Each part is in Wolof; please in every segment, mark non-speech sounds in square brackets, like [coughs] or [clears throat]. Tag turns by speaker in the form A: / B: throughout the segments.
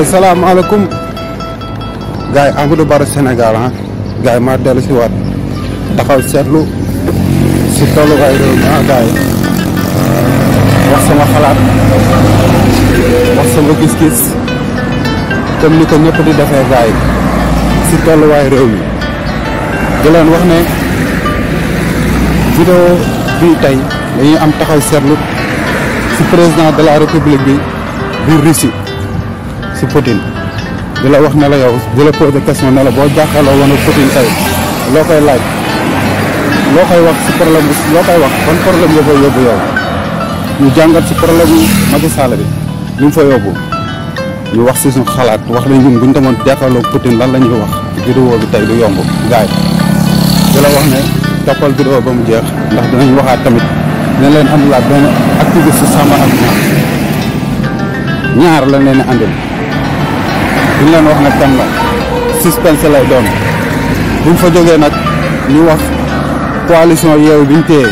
A: assalamualaikum gay yi Amadou bar senegal ha gay ma delu ci wat taxaw setlu ci tolluwaay gay do ah gay wax sama xalat wax sama gis-gis comme ni ko ñepp di defé gay ci si way rew mi di leen wax ne vidéo bi tay dañuy am taxaw setlu ci président de la république bi bi Russie si putin dila wax na la yow dila la poser question na la bo jaxalo woon putin tay lokay laaj lokay wax si problème bi loo koy wax kon problème yo koy yóbbu yow ñu jangal si problème yi Macky Sall bi li mu fa yóbbu ñu wax ci sun xalaat wax la ñun buñ demone jaxalo putin lan lañu ñuy wax vidéo bi tay du yomb gaay dila wax ne toppal vidéo ba mu jeex ndax dinañ waxaat tamit ne leen am la ben activiste sama ak ñaar ñaar la leen andal duñ leen wax nag kan la suspense lay doon buñ fa jógee nag ñu wax coalition Yewwi bi ñu téye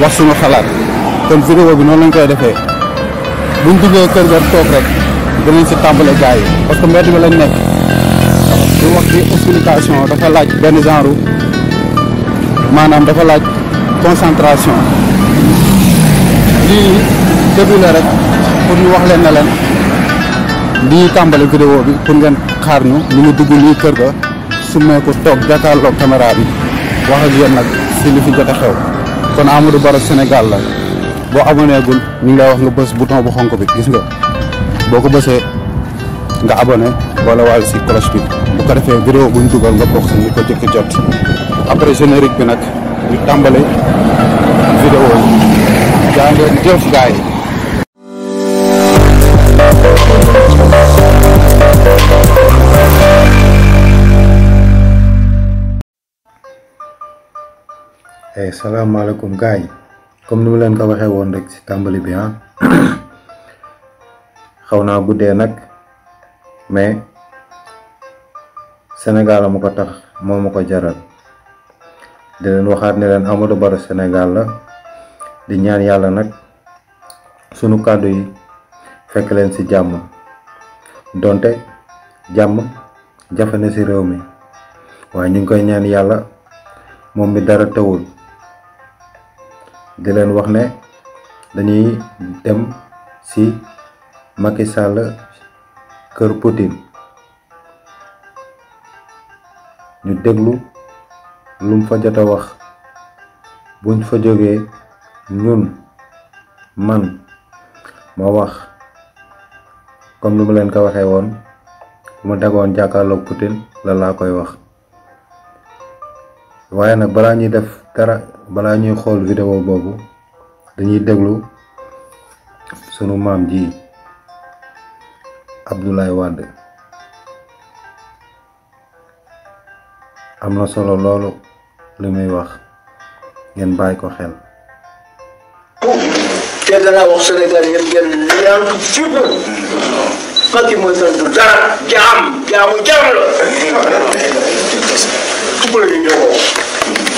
A: wax suñu xalaat kon vidéo bi noonu lañ koy defee buñ duggee kër ga toog rek dinañ si tàmbale gars yi parce que mbedd mi lañ nekk bu wax bi explication dafa laaj benn genre maanaam dafa laaj concentration lii début la rek pour ñu wax leen na leen di tàmbali vidéo bi pour ngeen xaar ñu ñu ngi dugg nii kër ga su ko toog jàkkaarloog caméra bi wax ak yéen nag si li fi xew kon Amadou Baro Sénégal la boo abonné gul ñu ngi lay wax nga bës bouton bu xonk bi gis nga boo ko bësee nga abonné wala wàll si cloche bi bu ko defee vidéo buñ dugal nga bokk ñu ko jëkk jot après générique bi nag ñu tàmbale vidéo yi jaa ngeen jëf gaay yi
B: hey salaamaaleykum gars yi comme ni mu leen ko waxee woon rek ci tàmbali bi ah naa guddee nag mais Sénégal ma ko tax moo jaral di leen waxaat ne leen Amadou Baro Sénégal la di ñaan sunu kàddu yi fekk leen ci jàmm donte jàmm jafe na ci réew mi waaye ñu koy ñaan mi dara tawul di leen wax ne dañuy dem ci Macky Sall kër Poutine ñu déglu lu fa jot a wax buñ fa jógee ñun man ma wax comme ni ma leen ko waxee woon bu ma dagoon jàkkaarloog Poutine la laa koy wax waaye nag balaa ñuy def dara balaa ñuy xool vidéo boobu dañuy déglu sunu maam ji Abdoulaye Wade am na solo loolu li muy wax ngeen bàyyi ko xel ko
C: [laughs]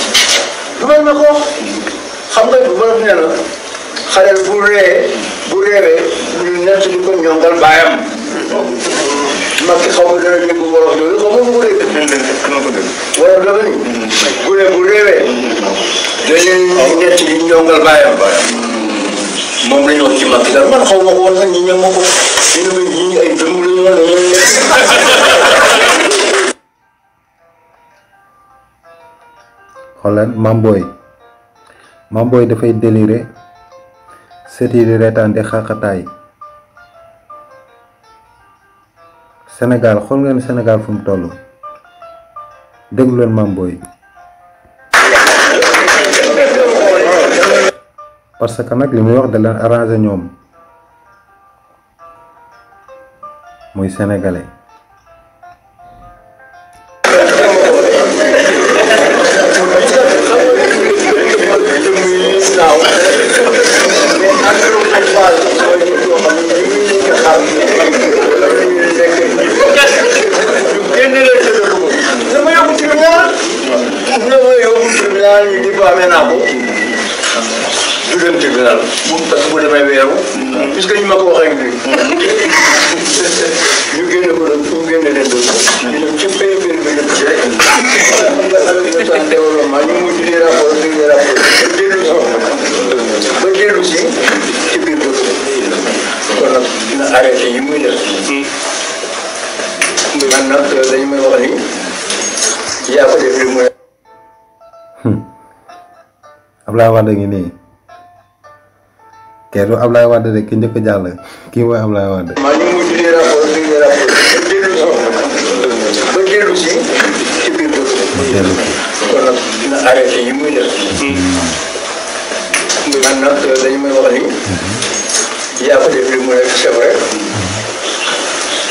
C: lu mel na ko xam nga wolof nee na xale bu ree
D: bu reeree ñu nekk di ko
C: ñongal baayam mag ki xaw ma dana dégg wolof yooyu xaw ma ko dégg wolof dafa ni bu ree bu reeree dañuy nekk di ñongal baayam moom la ñu wax ci mag ki daal man xaw ma ko woon sax ñi ñoom ma ko ñu ne ma ñi ay dëmm la ñu
E: wax
B: xoolal Mamboy Mamboy dafay déliré sët yi di reetaan di xaqataay Sénégal xool ngeen Sénégal fu mu toll déglu leen Mamboy parce que nag li muy wax da leen arrangé ñoom muy sénégalais. Ablaye Wade ngi nii kee du Ablaye Wade rek ki njëkk jàll kii mooy Ablaye Wade.
E: maa ngi mujj lii rapport lii
D: lii rapport ba dellu si ba dellu si ci
F: biir dëkk bi. dellu si kon nag dina arrêté yi muy def.
G: man nag dañu may wax ni. yaa ko def li mu nekk c'est vrai.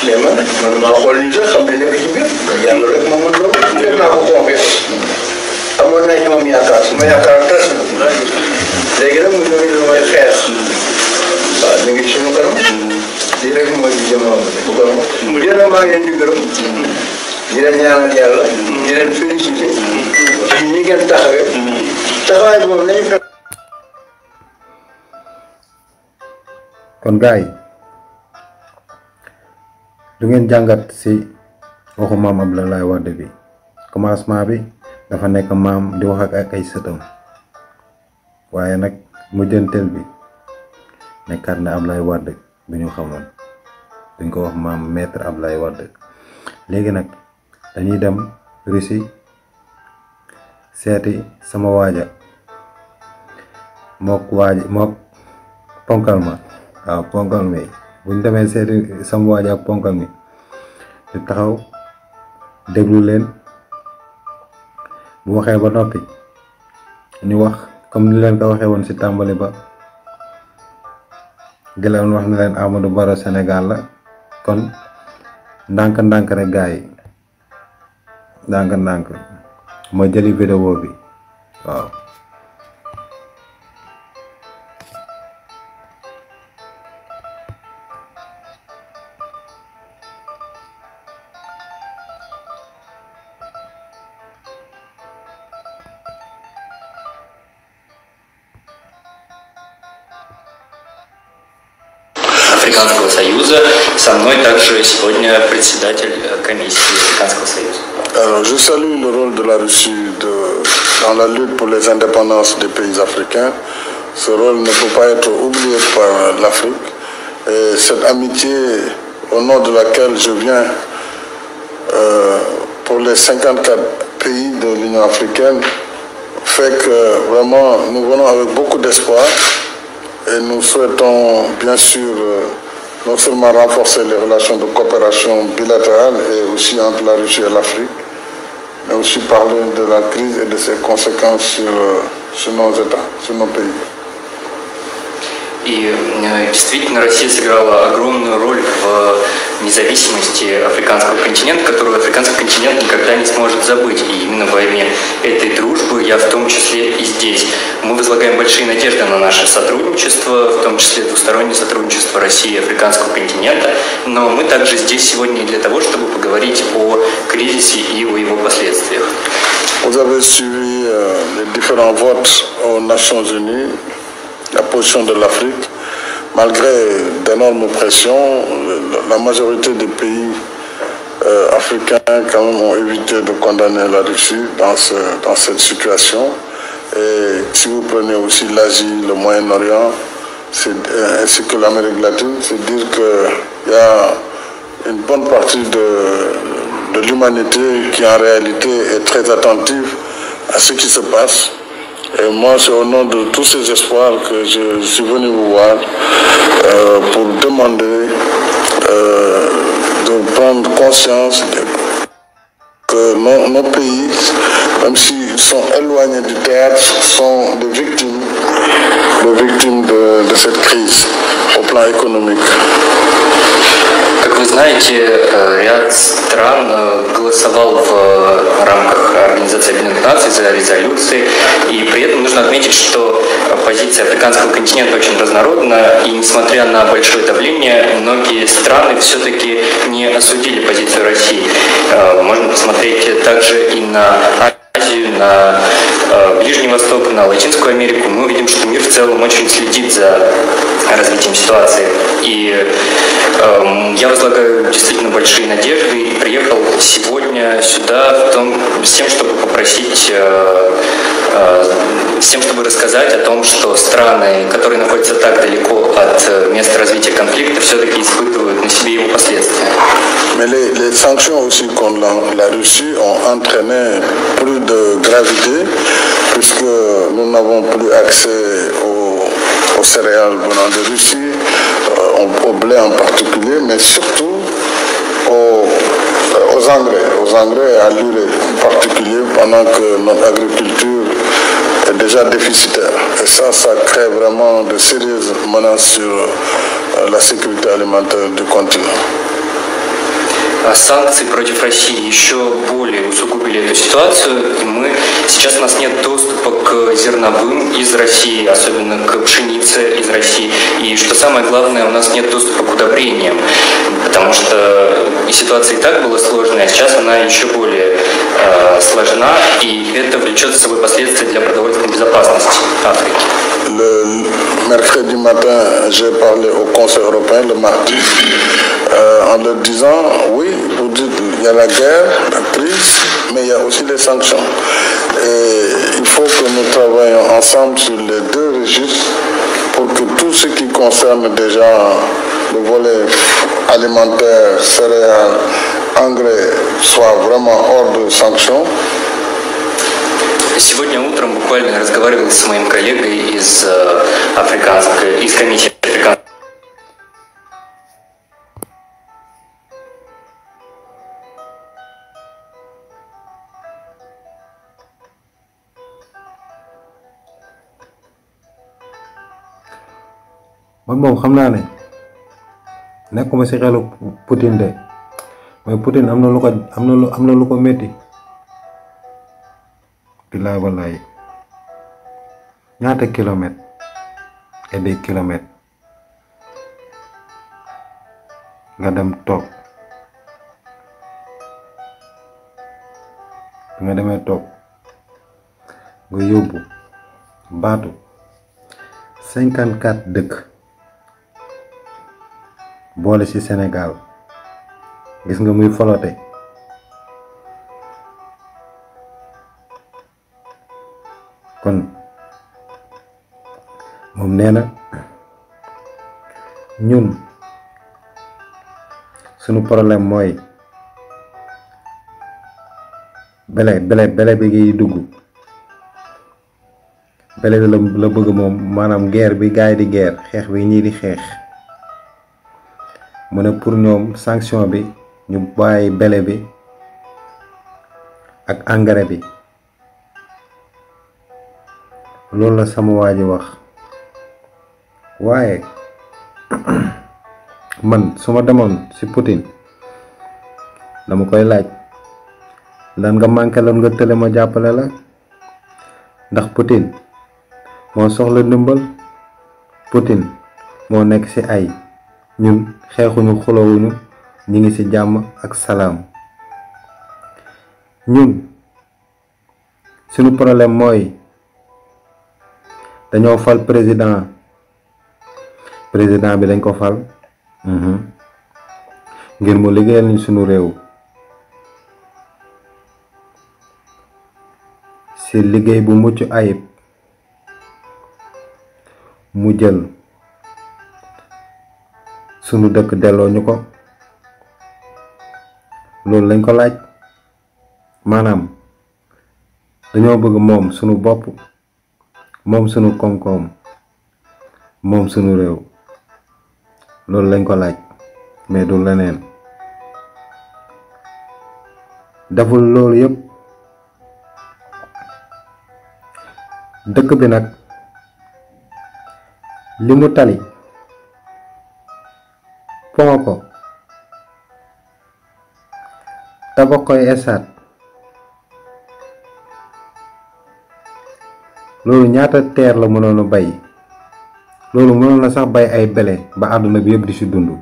G: mais man man maa xool nii sax xam ne nekk ci biir. yàlla rek moo mën loolu. def naa ko confiance. समझ नहीं में आता मैं कैरेक्टर
D: लेकिन मुझे बाद में किसी में करूँ मुझे जमा हो मुझे ना करूँ दिया के
B: है du ngeen jàngat si waxu la lay Wade bi commencement bi dafa nekk maam di wax ak ay sëtam waaye nag mujjanteel bi nekkaat na Ablaye Wade bi ñu xamoon duñ ko wax maam maître Ablaye Wade léegi nag dañuy dem Russie seeti sama waaja mook waaja mook ponkal ma waaw ponkal mi buñ demee seeti sama waaja ak ponkal mi ñu taxaw déglu leen bu waxee ba nopi ni wax comme ni len ko waxe won ci tambali ba gelawon wax ni len Amadou Baro senegal la kon ndank ndank rek gaa ndank ndank ma bi waaw
D: Э, je salue le rôle de la Russie de, dans la lutte pour les indépendances des pays africains. Ce rôle ne peut pas être oublié par l'Afrique. Et cette amitié au nom de laquelle je viens euh, pour les 54 pays de l'Union africaine fait que vraiment nous venons avec beaucoup d'espoir et nous souhaitons bien sûr... Euh, non seulement renforcer les relations de coopération bilatérale et aussi entre la Russie et l'Afrique, mais aussi parler de la crise et de ses conséquences sur, euh, sur nos États, sur nos pays.
H: И э, действительно Россия сыграла огромную роль в э, независимости африканского континента, которую африканский континент никогда не сможет забыть. И именно во имя этой дружбы я в том числе и здесь. Мы возлагаем большие надежды на наше сотрудничество, в том числе двустороннее сотрудничество России и африканского континента. Но мы также здесь сегодня
D: для того, чтобы поговорить о кризисе и о его последствиях. Vous avez suivi euh, les différents votes aux Nations Unies la position de l'Afrique. Malgré d'énormes pressions, la majorité des pays euh, africains quand même ont évité de condamner la Russie dans, cette situation. Et si vous prenez aussi l'Asie, le Moyen-Orient, euh, ainsi que l'Amérique latine, c'est dire qu'il y a une bonne partie de l'humanité qui en réalité est très attentive à ce qui se passe et moi, c'est au nom de tous ces espoirs que je suis venu vous voir euh, pour demander euh, de prendre conscience que nos, pays, même s'ils sont éloignés du théâtre, sont des victimes, des victimes de cette crise au plan économique. вы знаете,
H: э, ряд стран э, голосовал в э, рамках Организации Объединенных Наций за резолюции, и при этом нужно отметить, что позиция африканского континента очень разнородна, и несмотря на большое давление, многие страны все-таки не осудили позицию России. Можно посмотреть также и на Азию, на Э, Ближний Восток, на Латинскую Америку, мы видим, что мир в целом очень следит за развитием ситуации. И э, я возлагаю действительно большие надежды и приехал сегодня сюда в том, с тем, чтобы попросить, э, э, с тем, чтобы рассказать о том, что страны, которые находятся так
D: далеко от э, места развития конфликта, все-таки испытывают на себе его последствия. Mais les, les sanctions aussi contre la, la Russie ont entraîné plus de gravité puisque nous n'avons plus accès aux, céréales venant de Russie, euh, au blé en particulier, mais surtout aux, euh, aux engrais, aux engrais à l'urée en particulier, pendant que notre agriculture est déjà déficitaire. Et ça, ça crée vraiment de sérieuses menaces sur euh, la sécurité alimentaire du continent. Э, санкции против России еще более усугубили эту ситуацию, и мы
H: сейчас у нас нет доступа к зерновым из России, особенно к пшенице из России, и что самое главное, у нас нет доступа к удобрениям, потому что ситуация и так была сложная, а сейчас она еще более э, сложна, и это влечет с собой последствия для продовольственной безопасности
D: Африки. mercredi matin, j'ai parlé au Conseil européen le mardi euh, en leur disant oui, vous dites il y a la guerre, la crise, mais il y a aussi les sanctions. Et il faut que nous travaillions ensemble sur les deux registres pour que tout ce qui concerne déjà le volet alimentaire, céréales, engrais soit vraiment hors de sanctions
H: Сегодня утром буквально разговаривал с моим коллегой из э, африканской, из
E: комиссии африканской.
B: man moom xam naa ne nekkuma si xelu Poutine de mais Poutine am na lu ko am na billaay wallaay ñaata kilomètres et des nga dem toog bi nga demee toog nga yóbbu baatu cinquante quatre dëkk boole ci Sénégal gis nga muy folote kon moom nee na ñun suñu problème mooy bele bele bele bi ngi dugg bele bi la la bëgg moom maanaam guerre bi gaay di guerre xeex bi ñii di xeex mu ne pour ñoom sanction bi ñu bàyyi bele bi ak engrais bi loolu la sama waa ji wax waaye [clears throat] man su ma demoon ci Poutine dama koy laaj lan nga manqué lan nga tële ma jàppale la ndax Poutine moo soxla ndimbal Poutine moo nekk ci ay ñun xeexuñu xulowuñu ñu ngi ci jàmm ak salaam ñun suñu problème mooy dañoo fal président président bi dañ ko fal mhm. ngir mu liggéeyal ñu sunu réew si liggéey bu mucc ayib mu jël sunu dëkk delloo ñu ko loolu lañ ko laaj maanaam dañoo bëgg moom sunu bopp moom sunu koom-koom moom sunu réew loolu lañ ko laaj mais du leneen deful loolu yëpp dëkk bi nag li tali ponk ko tabax koy esaat lolu ñaata teer la mënoon a bay lolu mënoon na sax bay ay bele ba aduna bi yëpp di ci dundu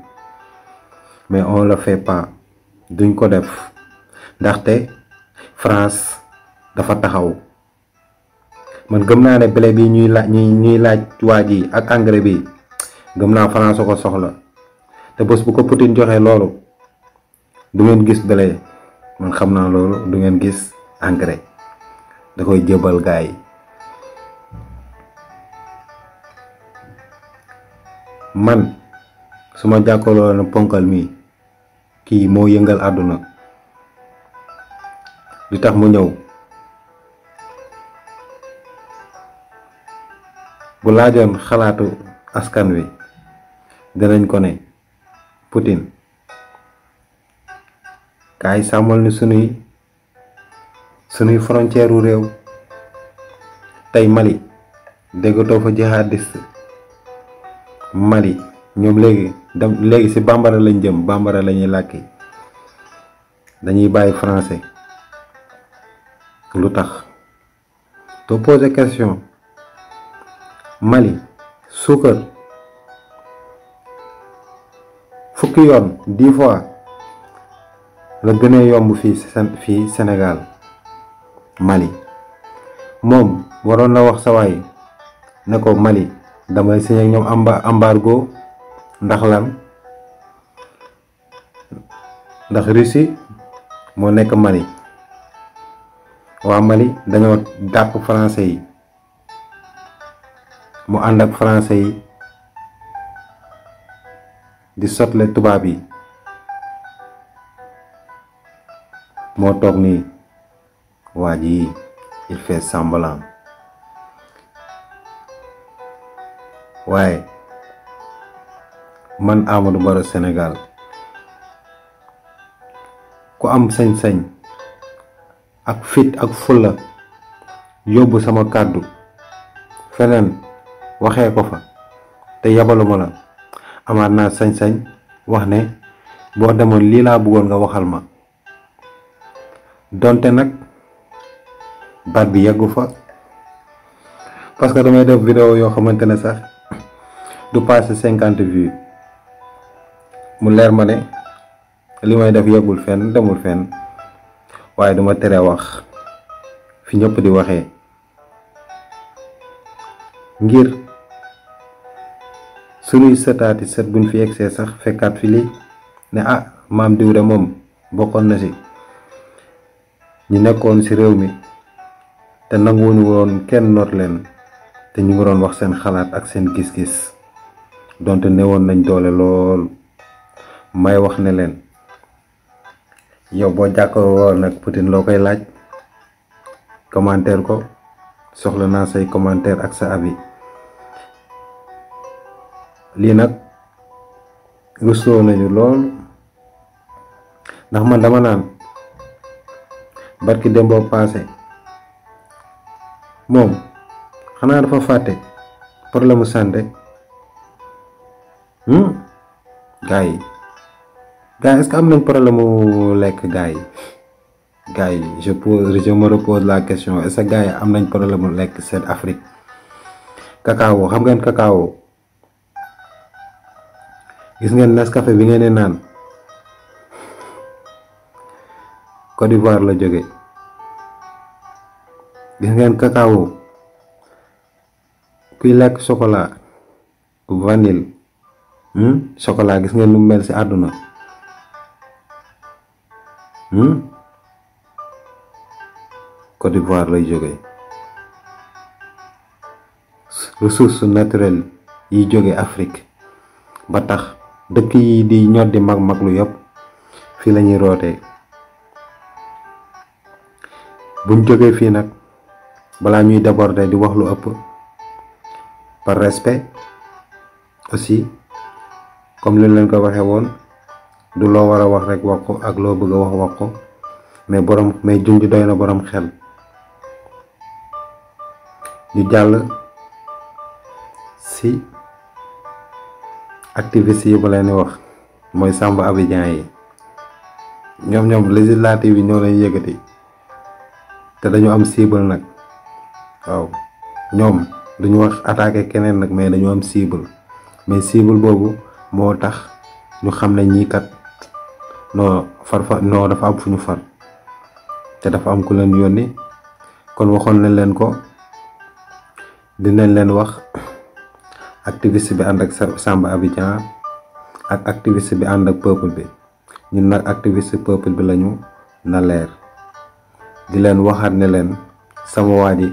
B: mais on le fait pas duñ ko def ndaxte France dafa taxaw man gëm na né blé bi ñuy laaj ñuy laaj waa ak engrais bi gëm na France ko soxla te bés bu ko putin joxé lolu du ngeen gis blé man xamna lolu du ngeen gis engrais da koy jëbal gaay man suma ma na ponkal mi ki mo yengal aduna li tax mu ñew bu laajoon xalaatu askan wi danañ ko ne putin kay samol ni sunuy sunuy frontière u réew Mali degoto fa jihadist Mali ñoom léegi dem léegi ci bambara lañu jëm bambara lañuy làkki dañuy bàyyi français lu tax te poser question Mali suukar fukki yoon di fois la gën yomb fii fii Sénégal Mali moom waroon na wax sa waay ne ko Mali damay signé ak embargo ndax lan ndax Russie mo nek Mali wa Mali dañu dapp français yi mu and ak français yi di sotlé tuba bi mo tok ni waji il fait semblant waye man Amadou Baro senegal ku am sañ-sañ ak fit ak fulla yobbu sama kaddu fenen waxe ko fa te yabaluma la amana naa sañ-sañ wax ne bo demoon lii laa bëggoon nga waxal ma donte nak bat bi yeggu fa parce que damay def vidéo yo xamantene sax Kan du passé cinquante vues mu leer mané ya ne li may def yegul fenn demul fenn waye duma téré wax fi ñëpp di waxé ngir suñu sëtaati sët buñ fi exé sax fekkat fi li né ah mam diw de moom bokkoon na ci ñu nekkon ci réew mi té nangoon won kenn not leen té ñu ngi doon wax seen xalaat ak seen gis-gis donte newoon nañ doole lool may wax ne leen yow boo jàkkaarloo nag Poutine loo koy laaj commentaire ko soxla naa say commentaire ak sa avis lii nag rusloo nañu lool ndax man dama naan barki dem boo paase moom xanaa dafa fàtte problème mu santé hum gay yi gars yi est ce que am nañ problème mu lekk gars yi je pose je me repose la question est ce gay am nañ problème mu lekk seen Afrique cacao xam ngeen cacao gis ngeen Nescafé bi ngeen di Côte d'Ivoire la jóge gis ngeen cacao kuy lek chocolat vanille hmm chocolat gis ngeen lu mel ci aduna àdduna Côte hmm? d'Ivoire lay jóge ressource naturelle yi jóge Afrique ba tax dëkk yi di ñoddi mag mag lu yëpp fi lañuy roté buñ jógee fi nak bala ñuy déborder di wax lu ëpp par respect aussi comme liñ leen ko waxee woon du loo war a wax rek wax ko ak loo bëgg wax wax mais borom mais junj doy na borom xel ñu jàll si activiste yi ba leen di wax mooy sàmb abidjan yi ñoom ñoom législative yi ñoo leen yëkkati te dañu am cible nag waaw ñoom duñu wax attaqué keneen nag mais dañu am cible mais cible boobu moo tax ñu xam ne ñii kat noo far fa noo dafa am fu ñu far te dafa am ku leen yónni kon waxoon nañ leen ko dinañ leen wax activiste bi ànd ak Samba Abidjan ak activiste bi ànd ak peuple bi ñun nag activiste peuple bi lañu na leer di leen waxaat ne leen sama waa ji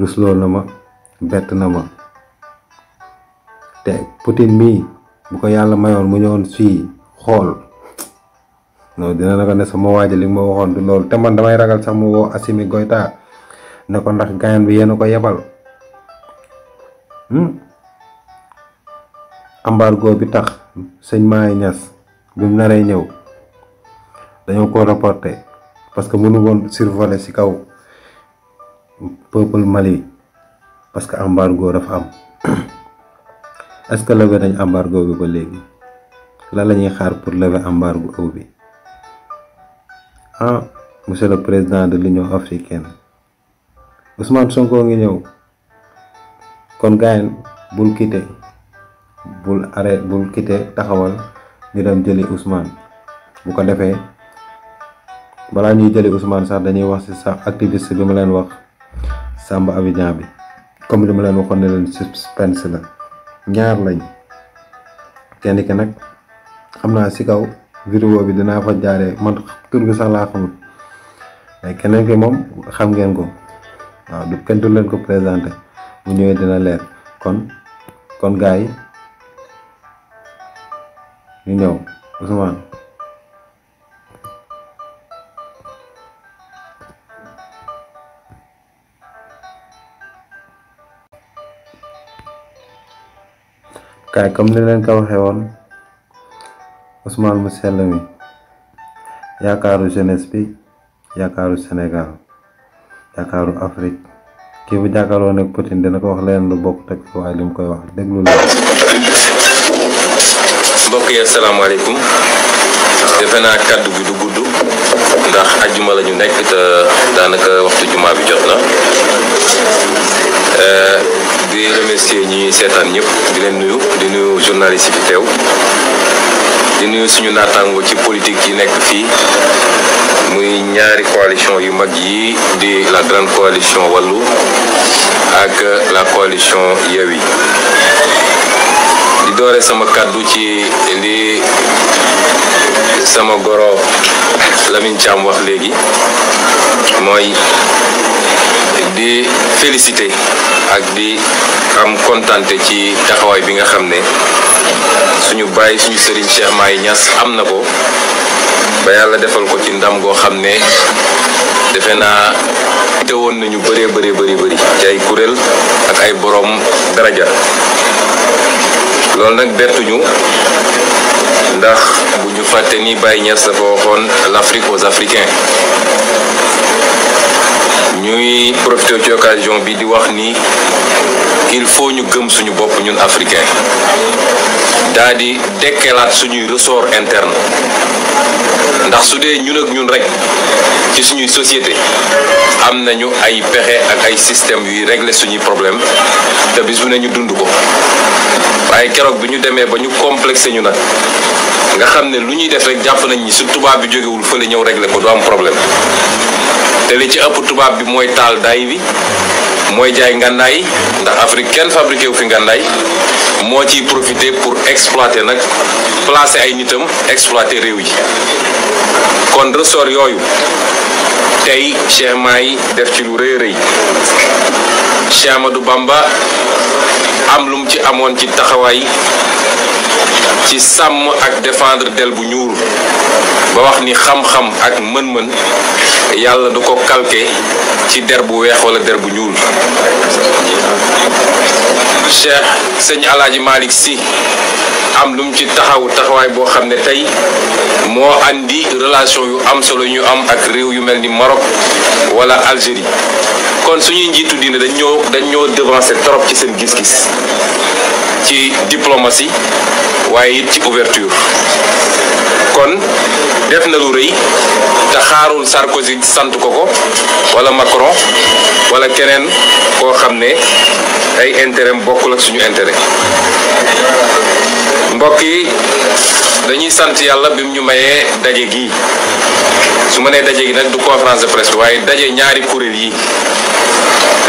B: rusloo na ma bett na ma te Poutine mii bu ko yàlla mayoon mu ñëwoon si xool non dina na ko ne sama waaja li ma waxoon du loolu te man damay ragal sax mu woo Assimi Goïta ne ko ndax gaayan bi yéen a ko yebal embargo hmm? bi tax sëñ Maye Niass bi mu naree ñëw dañoo ko reporté parce que mënu woon survoler kaw peuple Mali parce que embargo dafa am est ce lever nañ embargo bi ba légui la lañuy xaar pour lever embargo eau bi ah monsieur le président de l'union africaine ousmane sonko ngi ñew kon gayen bul quitter bul arrêt bul quitter taxawal ñu dem jëli ousmane bu ko défé bala ñuy jëli ousmane sax dañuy wax ci sax activiste bi mu leen wax samba abidjan bi comme lu mu leen waxone leen suspense la ñaar lañ kenn ki nag xam naa si kaw vidéo bi dinaa fa jaare man tur bi sax laa xamul keneen ki moom xam ngeen ko waaw du kenn leen ko présenté bu ñëwee dina leer kon kon gars yi ñu ñëw Kayak nilen kaw xewon Ousmane mu sell mi yaakaaru jeunesse bi yaakaaru kalau yaakaaru Afrique kii bu jàkkaarloo nag Poutine dina ko wax leen lu bokk teg waaye lim koy wax déglu la
I: mbokk yi asalaamaaleykum defe naa kàddu bi du gudd ndax ajjuma te waxtu juma bi di remercier ñi seetaan ñëpp di leen nuyu di nuyu journaliste yi fi teew di nuyu suñu naataango ci politique yi nekk fii muy ñaari coalition yu mag di la grande coalition wàllu ak la coalition Yewwi di dore sama kaddu ci indi sama goro lamin cham wax legi moy di félicité ak di am kontante ci taxaway bi nga xamné ne suñu baye suñu serigne Cheikh Maay ñass amna ko ba yalla defal ko ci ndam go xamné ne defe naa nañu bëree bëree bëri bëri ci ay kurel ak ay borom daraja loolu nag bettuñu ndax bu ñu fàtte ni Baye Niass dafa waxoon l'Afrique aux Africains ñuy profité ci ocasion bi di wax ni il faut ñu gëm suñu bopp ñun africain daa di dekkelaat suñuy ressort interne ndax su dee ñun ak ñun rek ci suñuy société am nañu ay pexe ak ay système yuy régler suñuy problème te bis bu ne ñu dund ko waaye keroog bi ñu demee ba ñu complexé ñu nag nga xam ne lu ñuy def rek jàpp nañ ni su tubaab bi jógewul fële ñëw régler ko du am problème te li ci ëpp tubaab bi mooy taal day bi mooy jaay ngànnaay ndax Afrique kenn fabriqué wu fi ngànnaay moo ciy profité pour exploiter nag placer ay nitam exploiter réew yi kon ressort yooyu tey Cheikh yi def ci lu rëy rëy Cheikh Amadou Bamba am lu mu ci amoon ci taxawaay ci sàmm ak défendre del bu ñuul ba wax ni xam-xam ak mën-mën yàlla du ko calqué ci der bu weex wala der bu ñuul cheikh sëñ alaaji malik si am lu ci taxaw taxawaay boo xam ne tey moo indi relation yu am solo ñu am ak réew yu mel ni Maroc wala Algérie kon suñuy njiitu diine dañ ñoo dañ ñoo devancer trop ci seen gis-gis ci diplomatie waaye it ci ouverture kon def na lu rëy te xaarul Sarkozy sant ko ko wala Macron walla keneen koo xam ne ay intérêt bokkul ak suñu intérêt mbokk yi dañuy sant yàlla bi mu ñu mayee daje gi su ma nee daje gi nag du conférence de presse waaye daje ñaari kuréel yi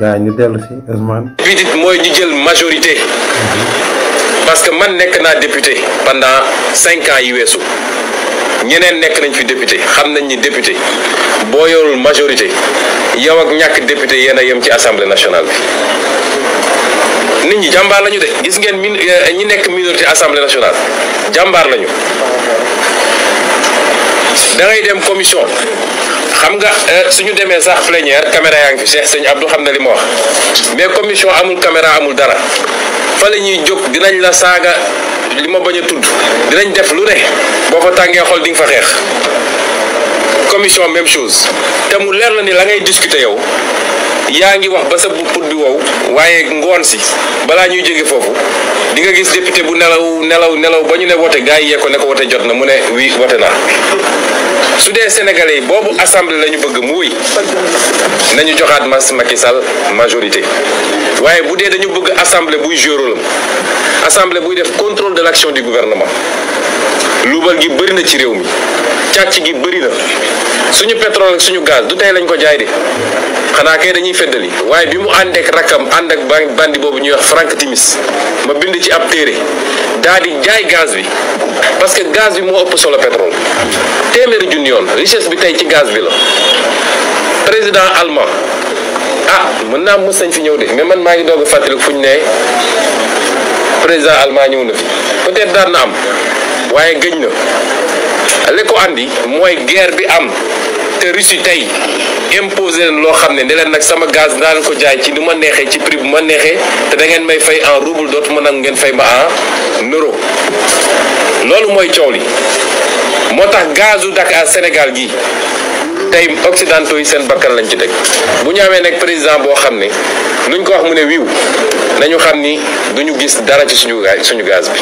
B: gaa ñu dellu
E: mooy ñu jël
I: majorité. parce que man nekk naa député pendant cinq ans yi weesu ñeneen nekk nañ fi député xam nañ ñi député boo yorul majorité yow ak ñàkk député yéen a yem ci assemblée nationale bi nit ñi jàmbaar lañu de gis ngeen min eh, ñi nekk minorité assemblée nationale jàmbaar lañu da ngay dem commission. xam nga eh, suñu demee sax plénière caméra yaa ngi fi Cheikh Sëñ Abdou xam na wax mais commission amul caméra amul dara fa la ñuy jóg dinañ la saaga li ma bañ a tudd dinañ def lu ne boo fa tàngee xol di nga fa xeex commission même chose te mu leer la ni la ngay discuter yow yaa wax ba sa put bi wow waaye ngoon si balaa ñuy jóge foofu di nga gis député bu nelaw nelaw nelaw ba ñu ne wote gars yi yee ko ne ko wote na mu ne wote naa su dee sénégalais yi boobu assemblée la ñu bëgg muy nañu joxaat mas Macky Sall majorité waaye bu dee dañu bëgg assemblée buy joué rôle assemblée buy def contrôle de l'action du gouvernement luubal gi bëri na ci réew mi càcc gi bëri na suñu pétrole ak suñu gaz du tey lañ ko jaay de xanaa kay dañuy feddali waaye bi mu àndeek ak rakkam ànd ak bandi boobu ñuy wax Frank Timis ma bind ci ab téere daa di jaay gaz bi parce que gaz bi mu ëpp solo pétrole téeméeri junni yoon bi tey ci gaz bi la président allemand ah mën naa mos nañ fi ñëw de mais man maa ngi doog a fàttaliku fu ñu ne président allemand ñëw na fi peut-être daan na am. waaye gëñ na li ko andi mooy guerre bi am te Russie tey imposé loo xam ne ne leen nag sama gaz naa leen ko jaay ci ni ma neexee ci prix bu ma neexee te dangeen may fay en rouble dootuma nangu ngeen fay ma en euro loolu mooy coow li moo tax gazu daka Sénégal gi tey occidentaux yi seen bakkan lañ ci teg bu ñu amee nag président boo xam ne nuñ ko wax mu ne wiw nañu xam ni duñu gis dara ci suñu suñu gaz bi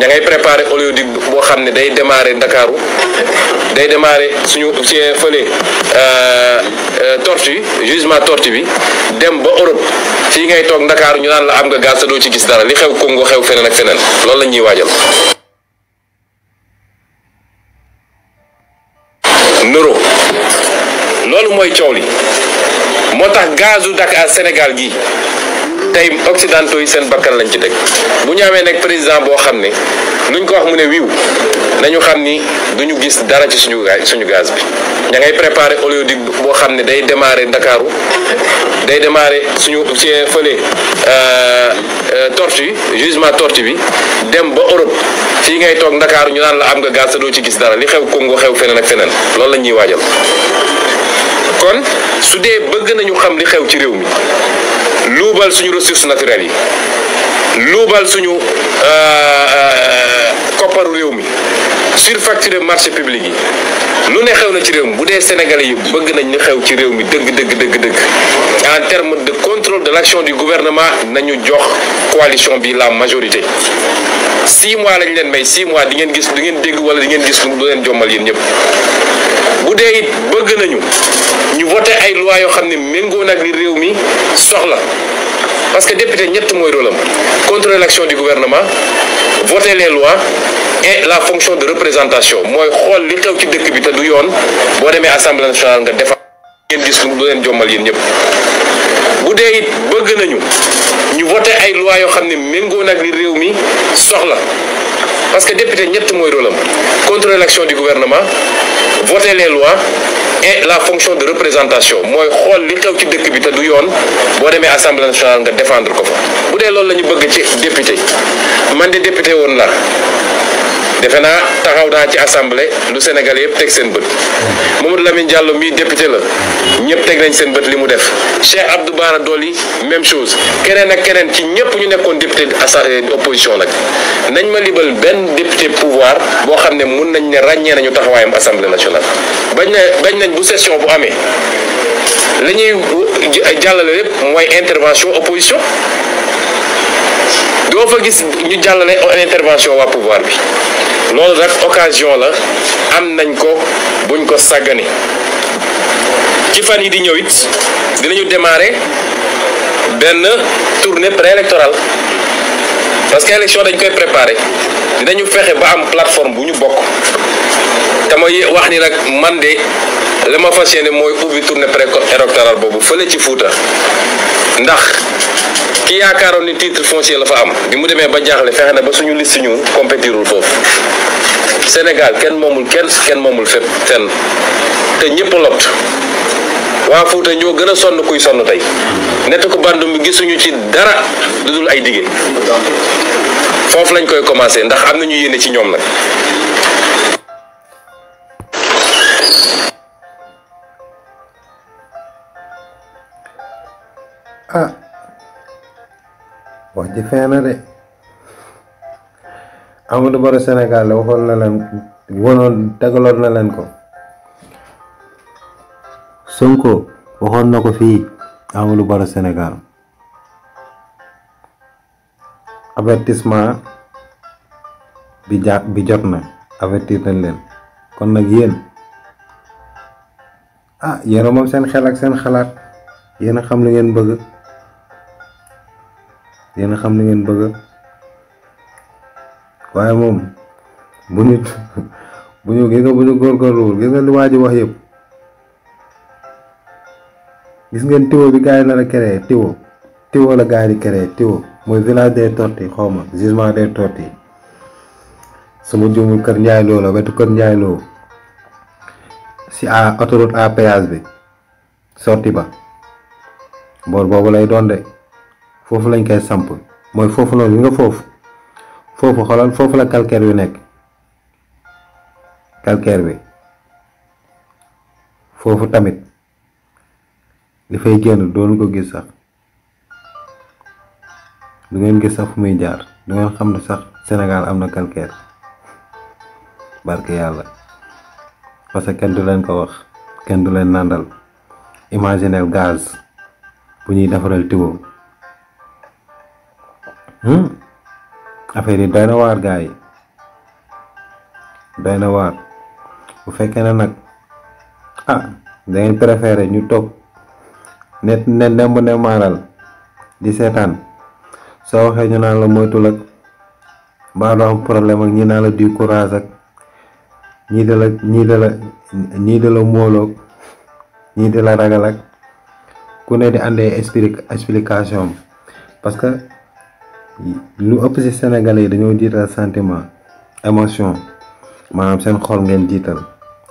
I: ña ngay préparé oléoduc boo xam ne day démarré Ndakaaru day démarré suñu ci fële euh, euh, tortue justement tortue bi dem ba Europe fii ngay toog Ndakaaru ñu naan la am nga gaz te doo ci gis dara li xew Congo xew feneen ak feneen loolu la ñuy waajal neuro loolu mooy coow li moo tax gazu Dakar Sénégal gi tey occidentaux yi seen bakkan lañ ci teg bu ñu amee nag président boo xam ne luñ ko wax mu ne wiiw nañu xam ni duñu gis dara ci suñu suñu gaz bi ña ngay préparé oléoduc boo xam ne day démarré Ndakaaru day démarré suñu ci fële euh, euh, tortue justement tortue bi dem ba Europe fii ngay toog Ndakaaru ñu naan la am nga gaz te doo ci gis dara li xew Congo xew feneen ak feneen loolu la ñuy waajal kon su dee bëgg nañu xam li xew ci réew mi luubal suñu ressources naturelles yi luubal suñu euh, euh, kopparu réew mi surfacturé marché public yi lu ne xew na ci réew mi bu dee Sénégalais yi bëgg nañ li xew ci réew mi dëgg dëgg dëgg dëgg en terme de contrôle de l'action du gouvernement nañu jox coalition bi la majorité six mois lañ leen may six mois di ngeen gis di ngeen dégg wala di ngeen gis lu leen jommal yéen ñëpp bu dee it bëgg nañu ñu voté ay loi yoo xam ne méngoo nag li réew mi soxla parce que député ñett mooy rôle am l'action du gouvernement voter les lois et la fonction de représentation mooy xool li xew ci dëkk bi te du yoon boo demee assemblée nationale nga defar ngeen gis lu leen jommal yéen ñëpp bu dee it bëgg nañu ñu voté ay loi yoo xam ne méngoo nag li réew mi soxla parce que député ñett mooy rôle contrôle l'action du gouvernement voter les lois et la fonction de représentation mooy xool li xew ci dëkk bi te du yoon boo demee assemblée nationale nga defendre ko fa bu dee lool la ñu bëgg ci député man di député woon la defe naa taxaw naa ci assemblée lu Sénégal yëpp teg seen bët moom Mamadou Lamine Diallo mii député la ñëpp teg nañ seen bët li mu def Cheikh Abdou Bara Dolly même chose keneen ak keneen ci ñëpp ñu nekkoon député euh, opposition nag nañ ma libal benn député pouvoir boo xam ne mun nañ ne ràññee nañu taxawaayam assemblée nationale bañ na bañ nañ bu session bu amee la ñuy jàllale lépp mooy intervention opposition doo fa gis ñu jàllale intervention waa pouvoir bi loolu nag occasion la am nañ ko buñ ko sàggane ci fan yi di ñëw it dinañu démarrer benn tournée préélectorale parce que élection dañ koy préparer dinañu fexe ba am plateforme bu ñu bokk te ma wax ni nag man de la ma fas yéene mooy ubbi tournée préélectorale boobu fële ci Fuuta ndax ki yaakaaroon ni titre foncier la fa am bi mu demee ba jaaxle fexe na ba suñu liste ñu compétirul foofu Sénégal kenn moomul kenn kenn moomul fépp te ñëpp lot waa Fuuta ñoo gën a sonn kuy sonn tey nett ko bandum bi gisuñu ci dara lu dul ay dige foofu lañ koy commencé ndax am nañu yéene ci ñoom nag
B: ah. wax ji feeñ na de Amadou Baro Sénégal la waxoon na leen wonoon tegaloon na leen ko Sonko waxoon na ko fii Amadou Baro Sénégal avertissement bi jaat bi jot na avertir nañ leen kon nag yéen ah yéen moom seen xel seen xalaat yéen xam lu ngeen bëgg yéen xam ni ngeen bëgg waaye moom bu ñu bu ñu gis nga bu ñu góorgóorluwul gis nga li waa ji wax yëpp gis ngeen tiwo bi gars yi nar a créé tiwo tiwo la gars yi di créé tiwo mooy village des Tortues xaw ma gisement des sama jumul kër Ndiaye Lo la wetu kër Ndiaye Lo si à autoroute à bi sorti ba boor boobu lay doon de. foofu lañ koy samp mooy foofu noonu nga foofu foofu xoolal foofu la calcaire bi nekk calcaire bi foofu tamit li fay génn doon ko gis sax du ngeen gis sax fu muy jaar du ngeen xam ne sax Sénégal am na calcaire bark yàlla parce que kenn du leen ko wax kenn du leen nàndal imaginel gaz bu ñuy defaral tiwo Hmm? affaire dina war na dina war bu fekkene nak ah da ngay préférer ñu tok net ne nemb ne maral di setan, so waxe ñu na la moytul ak ba do am problème ak ñi na la di courage ak ñi de la ñi de la ñi de la molo ñi de la ragal ak ku ne di andé explication parce que lu ëpp ci Sénégalais yi dañoo jiital sentiment émotion maanaam seen xol ngeen jiital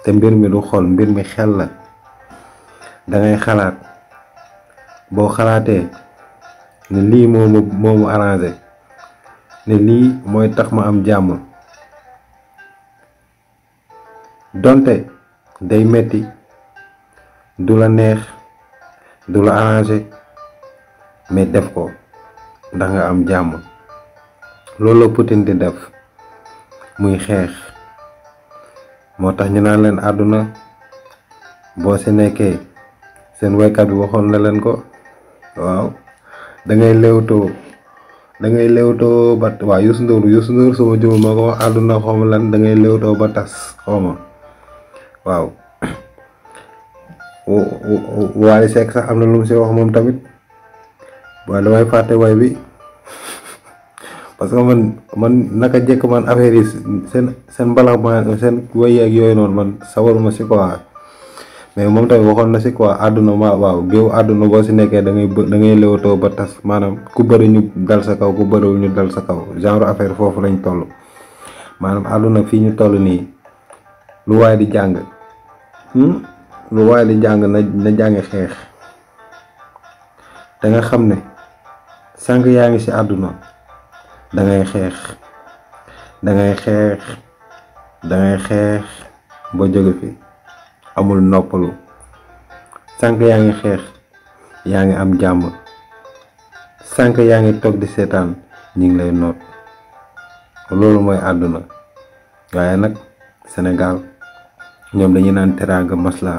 B: te mbir mi du xol mbir mi xel la dangay xalaat boo xalaatee ne lii moo ma ne lii mooy tax ma am jàmm donte day metti du la neex du la arrangé mais def ko ndax nga am jàmm loolu la Poutine di def muy xeex moo tax ñu naan leen àdduna boo si nekkee seen waykat bi waxoon na leen ko waaw da ngay léewtoo da ngay léewtoo ba waaw Youssou Ndour Youssou Ndour sama ko wax àdduna xaw ma lan da ngay léewtoo ba tas xaw ma waaw [coughs] Wally Seck sax am na lu mu si wax moom tamit. waaye damay fàtte way bi [laughs] parce que man man naka jekk man affaire yi seen seen mbalax ma seen way ak yooyu noonu man sawaruma si quoi mais moom tamit waxoon na si quoi àdduna ma waaw géew àdduna boo si nekkee da ngay da ngay léwatoo ba tas maanaam ku bëri ñu dal sa kaw ku bëriwul ñu dal sa kaw genre affaire foofu lañ toll maanaam àdduna fii ñu toll nii lu waay di jàng hmm? lu waay di jàng na na jàngi xeex da nga xam ne sànq yaa ngi ci àdduna dangay xeex dangay xeex dangay xeex ba jóge fi amul noppalu sànq yaa ngi xeex yaa ngi am jàmm sànq yaa ngi toog di seetaan ñu ngi lay noot loolu mooy àdduna waaye nag Sénégal ñoom dañuy naan teraanga masla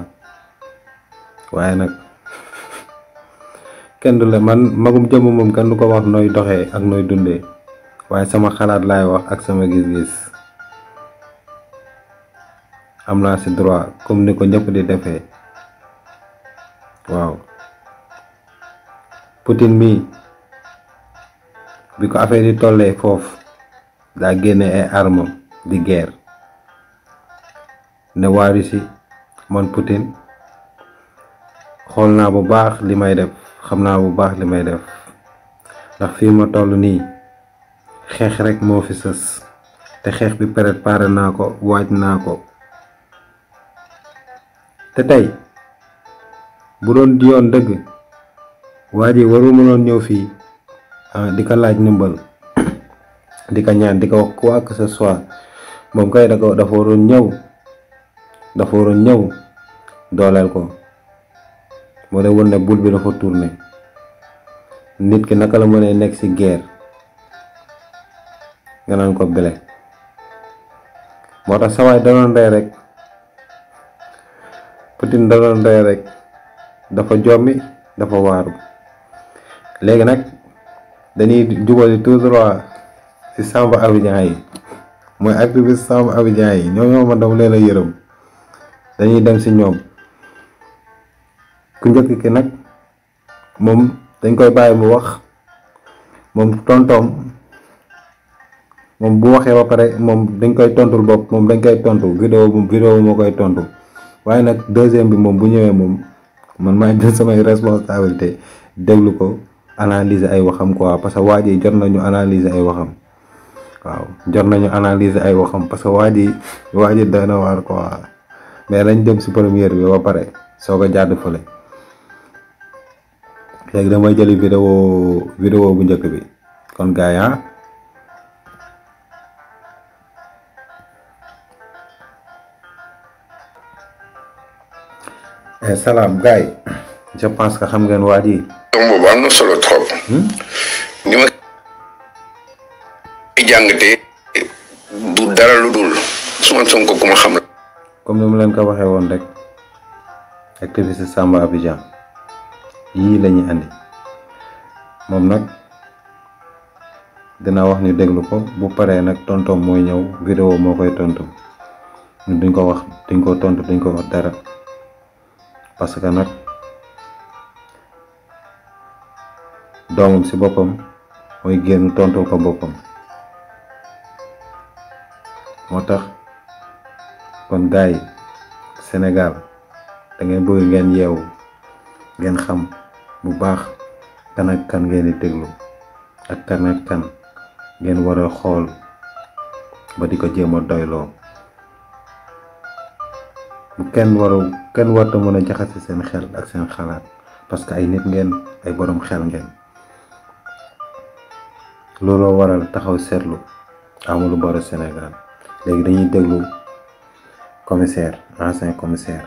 B: waaye nag kenn du la man magum jëmm moom kenn du ko wax nooy doxee ak nooy dundee waaye sama xalaat laay wax ak sama gis-gis am naa ci droit comme ni ko ñëpp di defee waaw Poutine mii bi ko affaire yi tollee foofu daa génne ay armes di guerre ne waa Russie man Poutine xool naa bu baax li may def xam naa bu baax li may def ndax fii ma toll nii xeex rek moo fi sës te xeex bi pare naa ko waaj naa ko te tey bu doon di yoon dëgg waa ji warul mënoon ñëw fii ah, di ko laaj ndimbal [clears throat] di ko ñaan di ko wax quoi que ce moom kay da ko dafa waroon ñëw dafa waroon ñëw dooleel ko moo lay won ne bul bi dafa tourné nit ki naka la mënee nekk ci guerre nga naan ko bele moo tax sawaay da doon rek Poutine da doon rek dafa jommi dafa waaru léegi nag dañuy jubali tout droit ci Samba Abidjan yi mooy activiste Samba Abidjan yi ñoo ñoo ma leen a yërëm dañuy dem ci ñoom ku njëkk ki nag moom dañ koy bàyyi mu wax moom tontoom moom bu waxee ba pare moom dañ koy tontul bopp moom dañ koy tontu vidéo bu vidéo moo koy tontu waaye nag deuxième bi moom bu ñëwee moom man maa jël samay responsabilité déglu ko analyser ay waxam quoi parce que waa ji jot nañu analyser ay waxam waaw jot nañu analyser ay waxam parce que waa ji waa ji doy na waar quoi mais nañ dem si première bi ba pare soo ko jàdd fële léegi mooy jëli vidéo vidéo bu njëkk bi kon gaay ah eh, salaam gaay je pense que xam ngeen waa ji
G: boobu am na solo trop hmm? ni ma jàngatee du dara lu dul Ousmane Sonko ku ma xam la
B: comme leen ko waxee woon rek activiste Samba Abidjan yii lañuy andi moom nag dina wax ni déglu ko bu paree nag tontom mooy ñëw vidéo moo koy tontu ñu duñ ko wax duñ ko tontu duñ ko wax dara parce que nag doomam ci boppam mooy génn tontu ko boppam moo tax kon gaay Sénégal da ngeen bëgg ngeen yeewu ngeen xam bu baax kan ak kan ngeen di déglu ak kan ak kan ngeen war a xool ba di ko jéem a doyloo bu kenn waru kenn warta mën a jaxase seen xel ak seen xalaat parce que ay nit ngeen ay borom xel ngeen looloo waral taxaw seetlu amulu boro Sénégal léegi dañuy déglu commissaire ancien commissaire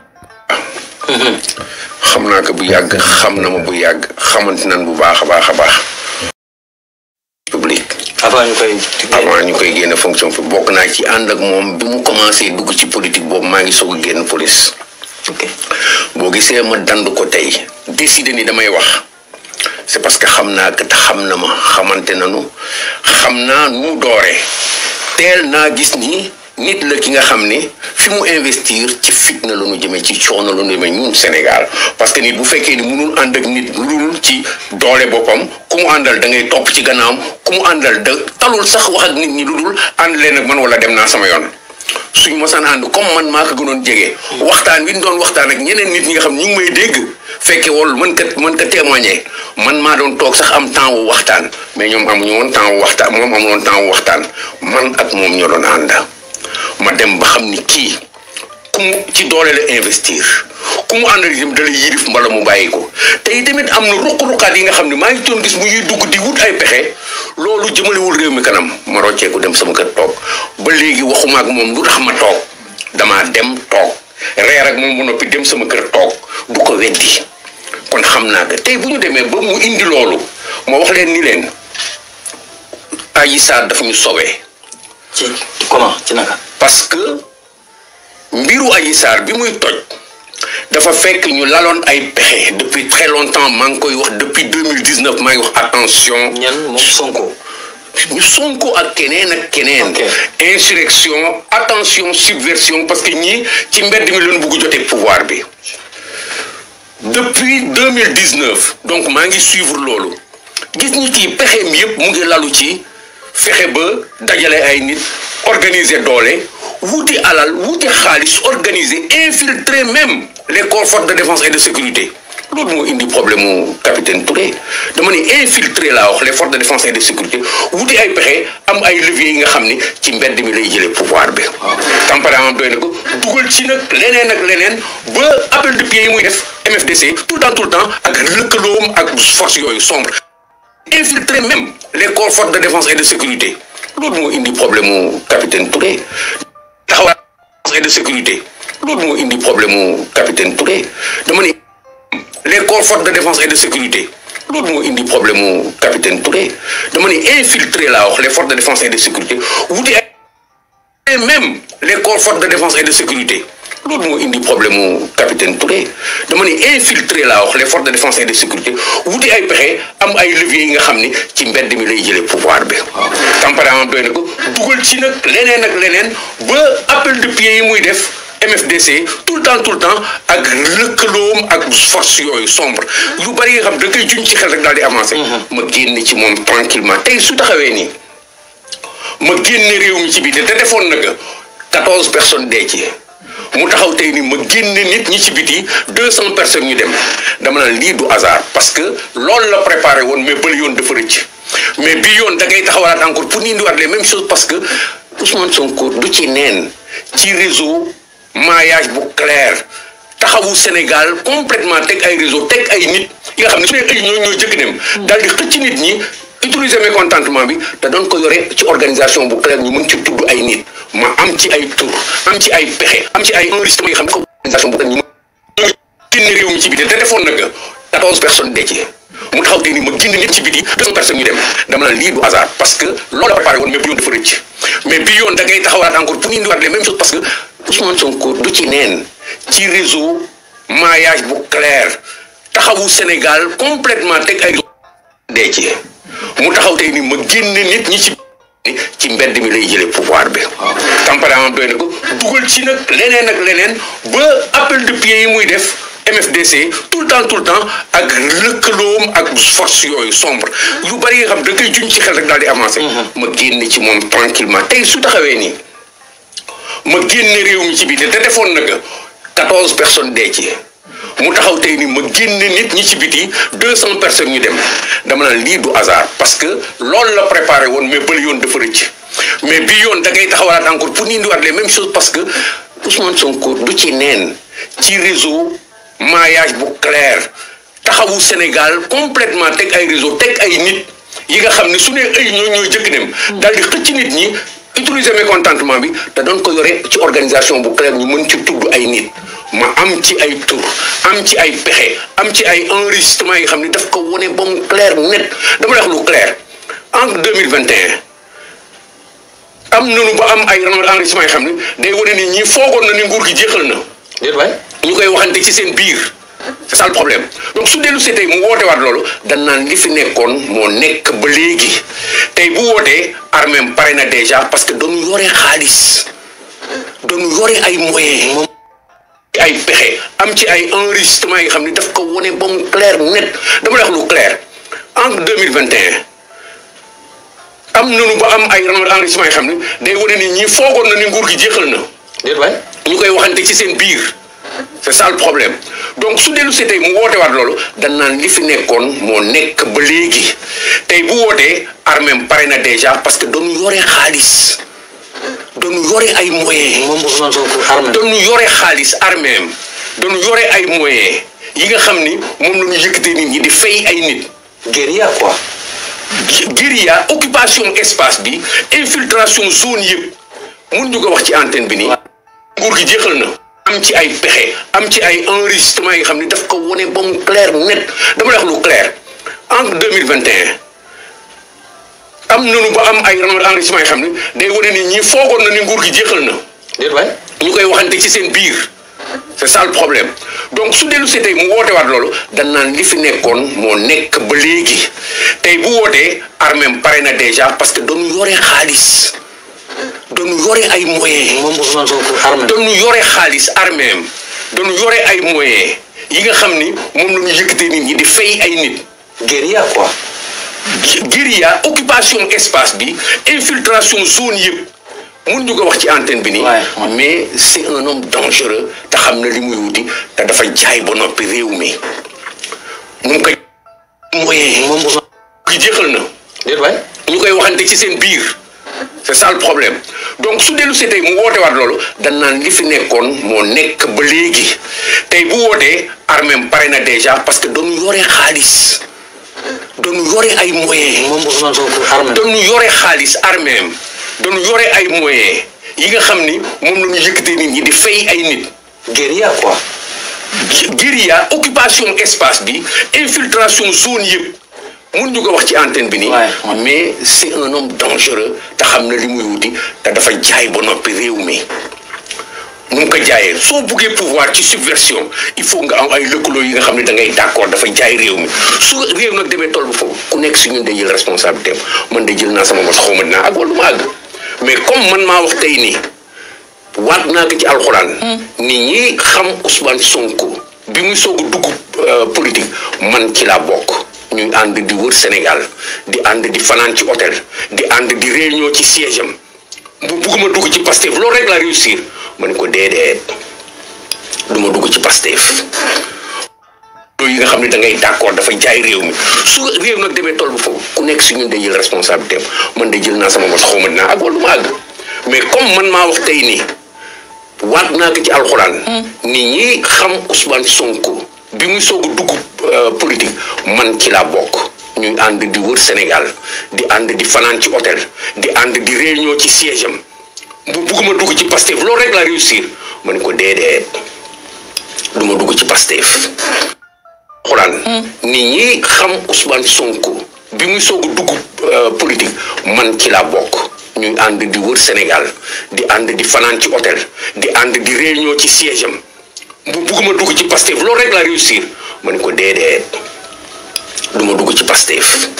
E: [laughs] xam naa bu
G: yàgg xam na ma bu yàgg xamante nan bu baax a baax a baax. public. avant ñu koy. avant ñu génne fonction bi bokk naa ci ànd ak moom bi mu commencé dugg ci politique boobu maa ngi soog a génn police. boo gisee ma dand ko tey décidé ni damay wax c'est parce que xam naa ka te xam na ma xamante nanu xam naa nu doore teel naa gis nii nit la ki nga xam ne fi mu investir ci fitna lu ñu jeme ci choono lu ñu jëmee ñun Sénégal parce que nit bu fekkee ni mënul ànd ak nit lul ci doole boppam ku mu àndal da ngay topp ci gannaam ku mu àndal da talul sax wax ak nit ñi ludul ànd leen ak man wala dem naa sama yoon suñ mosaan ànd comme man maa ko gënoon jege waxtaan wi doon waxtaan ak ñeneen nit ñi nga xam ñu ngi may dégg fekke wol man ka man ka témoigner man maa doon toog sax am temps wu waxtaan mais ñoom amuñu woon temps wu waxtaan moom amuñu woon temps wu waxtaan man ak moom ñoo doon ànd ma dem ba xam ni kii ku mu ci doole la investir ku mu àndal itam dala yirif mbala mu bàyyi ko te itamit am na ruq-ruqaat yi nga xam ne maa ngi doon gis ñuy dugg di wut ay pexe loolu jëmalewul réew mi kanam ma rocceeku dem sama kër toog ba léegi waxuma moom lu tax ma toog damaa dem toog reer ak moom ba noppi dem sama kër toog du ko weddi kon xam naa que tey bu ñu demee ba mu indi loolu ma wax leen ni leen Adji Sarr dafa ñu soowee comment parce que mbiru Adji bi muy toj dafa fekk ñu lalon ay pexe depuis très longtemps mang koy wax depuis 2019 mille dix neuf wax attention. ñan moom Sonko. ñu Sonko ak keneen ak keneen. insurrection attention subversion parce que ñi ci mbedd mi leen bugg joté pouvoir bi. depuis 2019 donc maa suivre lolu gis ñu ci pexeem yëpp mu ngi lalu ci fexe organiser organiser infiltrer même les corps de défense et de sécurité Nous problème capitaine Touré dama infiltrer les forces de défense et de sécurité am ay nga ci lay pouvoir ko ci appel de pied yi tout le temps tout le temps ak sombre infiltrer même les corps forts de défense et de sécurité L'autre moo indi problème au capitaine Touré taxawaay et de sécurité problème capitaine Touré De les corps forts de défense et de sécurité L'autre indi problème au capitaine Touré De manière infiltrer là les forces de défense et de sécurité Vous dites même les corps forts de défense et de sécurité loolu moo indi problème au capitaine Touré dama ne infiltré là les forces de défense et de sécurité Vous ay prêt à ay leviers yi nga xam ne ci mbedd mi lay jëlee pouvoir bi. tempérament doy na ko dugal ci nag appel de pied yi muy def. MFDC tout le temps tout le temps avec le lëkkaloom ak force yooyu sombre Vous bari de xam da koy juñ ci xel rek daal qui avancé. Mhm. ma tranquillement Et sous ta ni ma génne réew mi ci biir 14 personnes dee mu taxaw tey nii ma génne nit ñi ci biti deux cent personnes ñu dem dama naan lii du hasard parce que loolu la préparé woon mais bëli yoon dafa rëcc mais bi yoon da ngay taxawalaat encore pour ñu indiwaat les mêmes choses parce que Ousmane Sonko du ci neen ci réseau maillage bu claire taxawu Sénégal complètement teg ay réseau teg ay nit yi nga xam ne su ay ñoo ñoo jëkk nem mm. daal di xëcc nit ñi utiliser mécontentement bi te doon ko yore ci organisation bu clair ñu mën ci tudd ay nit ma am ci ay tur am ci ay pexe am ci ay enregistrement yi xam ne ko organisation bu clair ñu mën génne réew mi ci biti te defoon na nga mu taxaw tey nii ma génne nit ci biti deux personnes ñu dem dama naan lii du hasard parce que loolu la préparé woon mais bu yoon dafa rëcc mais bi yoon da ngay taxawaat encore pour ñu indiwaat les mêmes choses parce que Ousmane Sonko du ci neen ci réseau maillage bu clair taxawu Sénégal mu taxaw tey ni ma génne nit ñi ci ci mbedd mi lay jëlee pouvoir bi. tempérament doy na ko dugal ci nag leneen ak leneen ba appel de pied yi muy def MFDC tout le temps tout le temps ak lëkkaloom ak force yooyu sombre lu bari yi xam dëkk koy juñ ci xel rek daal di avancé. Mhm. ma génne ci moom tranquillement tey su taxawee nii ma génne réew mi ci bii te defoon nag nga quatorze personnes dee ci. mu taxaw tey ni ma génne nit ñi ci biti deux cent personnes ñu dem dama naan lii du hasard parce que lool la préparé woon mais bëli yoon dafa rëcc mais bi yoon da ngay taxawalaat encore pour ñu indiwaat les mêmes choses parce que Ousmane Sonko du ci neen ci réseau maillage bu clair taxawu Sénégal complètement teg ay réseau teg ay nit yi nga xam ne su ne ay ñoo ñooy jëkk dem daal di xëcc nit ñi utiliser mécontentement bi te doon ko yore ci organisation bu clair ñu mën ci tudd ay nit ma am ci ay tur am ci ay pexe am ci ay enregistrement yi nga xam ni daf ko wone ba mu clair net dama la wax lu clair en deux mille vingt am nanu ba am ay enregistrement yi xam ne day wone ni ñi foogoon na ni nguur gi jeexal na. déet ñu koy waxante ci seen biir. c'est ça le problème donc su dellu see tey mu woote waat loolu dan naan li fi nekkoon moo nekk ba léegi tey bu wootee armée pare na déjà parce que doon yore xaalis doon yore ay moyens. ay pexé am ci ay enregistrement yi xamni ni daf ko woné bon clair net dama wax lu clair en 2021 am nanu ba am ay enregistrement yi xamni ni day woné ni ñi fogon na ni nguur gi jéxal na ñu koy waxante ci seen biir c'est ça le problème donc su délu c'était mu woté wat lolu dañ nan li fi nekkon mo nek ba légui tay bu woté armée paré na déjà parce que doon yoré xaliss doon yore ay moyens. moom Ousmane Sonko armée doon xaalis armée doon yore ay moyens yi nga xam ni moom la ñu yëkkatee nit ñi di fay ay nit. guérilla quoi. guérilla occupation espace bi infiltration zone yëpp mun ñu ko wax ci antenne bi nii. nguur gi jeexal na. am ci ay pexe am ci ay enregistrement yi nga xam ni daf ko wone ba mu clair net dama la wax lu clair en deux mille vingt am nanu ba am ay enrichissement yi xamni day wone ni ñi fogon na ni nguur gi jéexal na déet bay ñu koy waxante ci seen biir c'est ça le problème donc su delu si mu woote wat lolu dan nan li fi nekkoon mo nekk ba légui tay bu wootee armée paré na déjà parce que doñu yoré xaalis doñu yoré ay moyens doñu yoré xaalis armée doñu yoré ay moyens yi nga xamni mom lu ñu yëkëté nit ñi di fay ay nit guérilla quoi guérilla occupation espace bi infiltration zone yëpp mun ñu ko wax ci antenne bi nii. mais c'est un homme dangereux te xam na li muy wuti te dafa jaay ba noppi réew mi mu koy. moom ki jeexal na. ñu koy waxante ci seen biir. c'est ça le problème donc su dellu see tey mu woote waat loolu dan naan li fi nekkoon moo nekk ba léegi tey bu wootee armée pare na déjà parce que doon yore xaalis. doon yore ay moyens. moom Ousmane Sonko armée doon yore xaalis armée am doon yore ay moyens yi nga xam ni ñu yëkkatee nit ñi di fay ay nit. guérilla quoi. guérilla occupation espace bi infiltration zone yëpp mun ñu ko wax ci antenne bi nii. mais c'est un homme dangereux te xam na li muy wuti te dafa jaay ba noppi réew mi. mu ngi ko jaayee soo buggee pouvoir ci subversion il faut nga am ay lëkkaloo yi nga xam ne da ngay d' accord dafa jaay réew mi su réew nag demee tool ba foofu ku nekk si ñun day jël responsabilité man de jël naa sama mos xawma dinaa ak wala ma àgg mais comme man maa wax tey hmm. euh, ñuy ànd di wër Sénégal di ànd di fanaan ci hôtel di ànd di réunion ci siège am bu bugguma dugg ci Pastef loolu rek laa réussir mané ko dédé duma dugg ci pastef yi nga xamni da ngay d'accord accord dafa jaay réew mi su réew nak démé toll bu foofu ku nek si ñun day jël responsabilité man dañ jël na sama mos xawma na ak walu mag mais comme man ma wax tay ni wat na ko ci
E: alxuraan ni ñi xam Ousmane Sonko bi muy soog a dugg politique
G: man ci la bok ñuy and di wër Sénégal di and di fanaan ci hôtel di and di réunion ci siège am bu bugguma dugg ci Pastef loolu rek la réussir ma ne ko déedéet du ma dugg ci Pastef xuraan hmm. nit ñi xam Ousmane Sonko bi muy soog a dugg euh, politique man ci laa bokk ñu ànd di Sénégal di ànd di fanaan ci hôtel di ànd di réunion ci siège am bu bugguma dugg ci Pastef loolu rek la réussir ma ko déedéet du ma dugg ci Pastef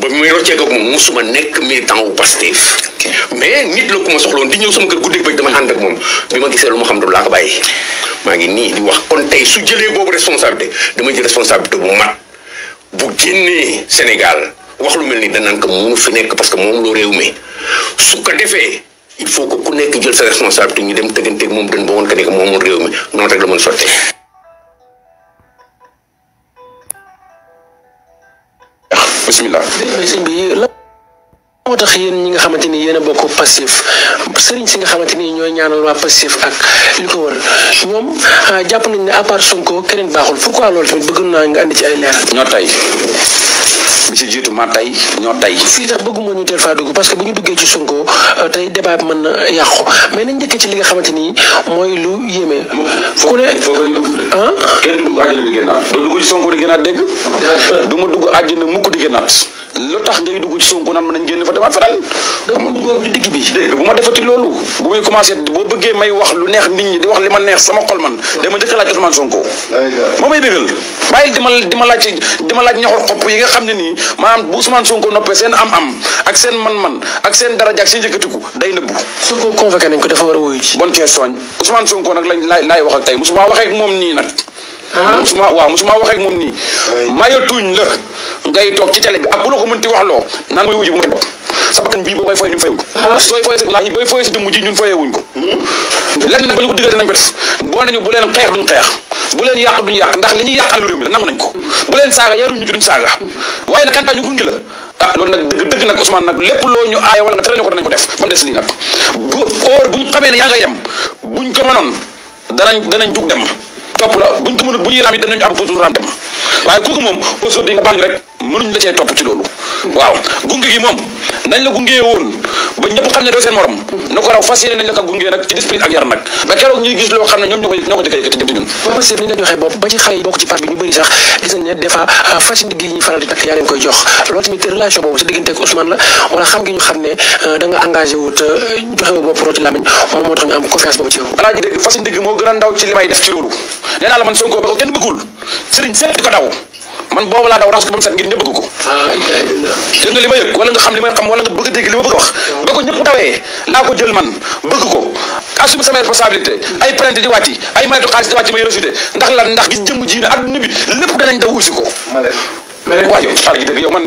G: ba muy roccee ko mom musuma nekk militant wu pastef mais nit la ku ma soxloon di ñew sama kër guddé bëj dama and ak mom bima gisé gisee lu ma xam du laa ko bàyyi ma ngi ni di wax kon tay su jëlé bobu responsabilité dama jël responsabilité bu mat bu génné sénégal wax lu melni da danaan ko mënu fi nek parce que mom lo réew
E: mi su ko défé il faut que ku nek jël sa responsabilité ñu dem tegeenté tëgganteeg moom dën ba woon que
G: nekk moom réew mi non rek la mëna sottee bisimilah.
J: sëñ bi lan moo tax yéen ñi nga xamante ni yéen a bokk passif sëriñ si nga xamante ni ñooy ñaanal waa passif ak li ko wër ñoom ah, jàpp nañ ne à part Sonko keneen baaxul pourquoi loolu tamit bëgg naa nga andi ci ay leer. ñoo tay bi ci jiitu ma tay ñoo tay fii tax bëgguma ñu teel faa dugg parce que bu ñu duggee ci Sonko euh, tey débat bi mën na yàqu mais nañ njëkkee ci li nga xamante ni mooy lu yéeme. ku ne ah. kenn du dugg àjjana di génnaat doo dugg ci Sonko di génnaat dégg du ma dugg àjjana mukk di génnaat. lu tax nga ngay dugg ci Sonko naan nañ génn fa demaat fanaan. dama di digg bi. dégg bu ma defati loolu. bu muy commencé boo bëggee may wax lu neex nit ñi di wax li ma neex sama xol man. dama njëkk a laaj Ousmane Sonko. moo may dëggal. bàyyi dima dima laaj dima laaj yi nga xam ne nii maanaam bu Ousmane Sonko noppee seen am-am ak seen man-man ak seen daraja ak seen yëkkatiku day nëbbu. Sonko convoqué nañ ko dafa war a wuyu ci. bonne question Ousmane Sonko nag lañ laay laay wax ak tey musuma waxee ak moom nii nag. musuma waaw musuma wax ak moom nii mayatuñ la ngay toog ci télé bi ak bu la ko mënti wax loo naan mooy wuji bu ngeen bopp sa bakkan bii boo koy fooy ñun fayewuñ sooy fooy sa laaj booy fooy sa dëmm ji ñun fooyewuñ ko lenn nag ba ñu ko diggante nañ ko def boo nañu bu leen xeex duñ xeex bu leen yàq duñ yàq ndax li ñuy yàqal réew mi la nangu nañ ko bu leen saaga yaruñ ñu duñ saaga waaye nag kantaa ñu gunge la ah loolu nak, dëgg dëgg nag Ousmane nag lépp loo ñu aaye wala nga tere ñu ko danañ ko def ba mu des lii nag bu óor bu ne yaa ngay dem buñ ko mënoon danañ danañ jug dem topp la buñ ko mënut bu ñu raam it danañu am foofu raam dem waaye kooku moom aujourd'hui nga bañ rek mënuñ la cee topp ci loolu. waaw gunge gi moom ko raw fas waaw euh, boobu sa diggante ak Ousmane la wala euh, euh, moo tax ñu am confiance boobu ci yow. alaaji dégg fàcc ndigg moo gën a ndaw ci li may def ci loolu nee naa la man Sonko ba ko kenn bëggul sëriñ seet di ko daw man boobu laa daw raxas ko ba mu set ngir ñëpp bëgg ko. dégg ah, nga li ma yëg wala nga xam li may xam wala nga bëgg a dégg li ma bëgg a wax. ba ko ñëpp dawee laa ko jël man bëgg ko assume sama responsabilité ay plainte di wàcc ay maytu xaalis di wàcc may rejeté ndax lan ndax gis jëmm ji ne adduna bi lépp danañ daw wuusi ko. ma leen waaye yow man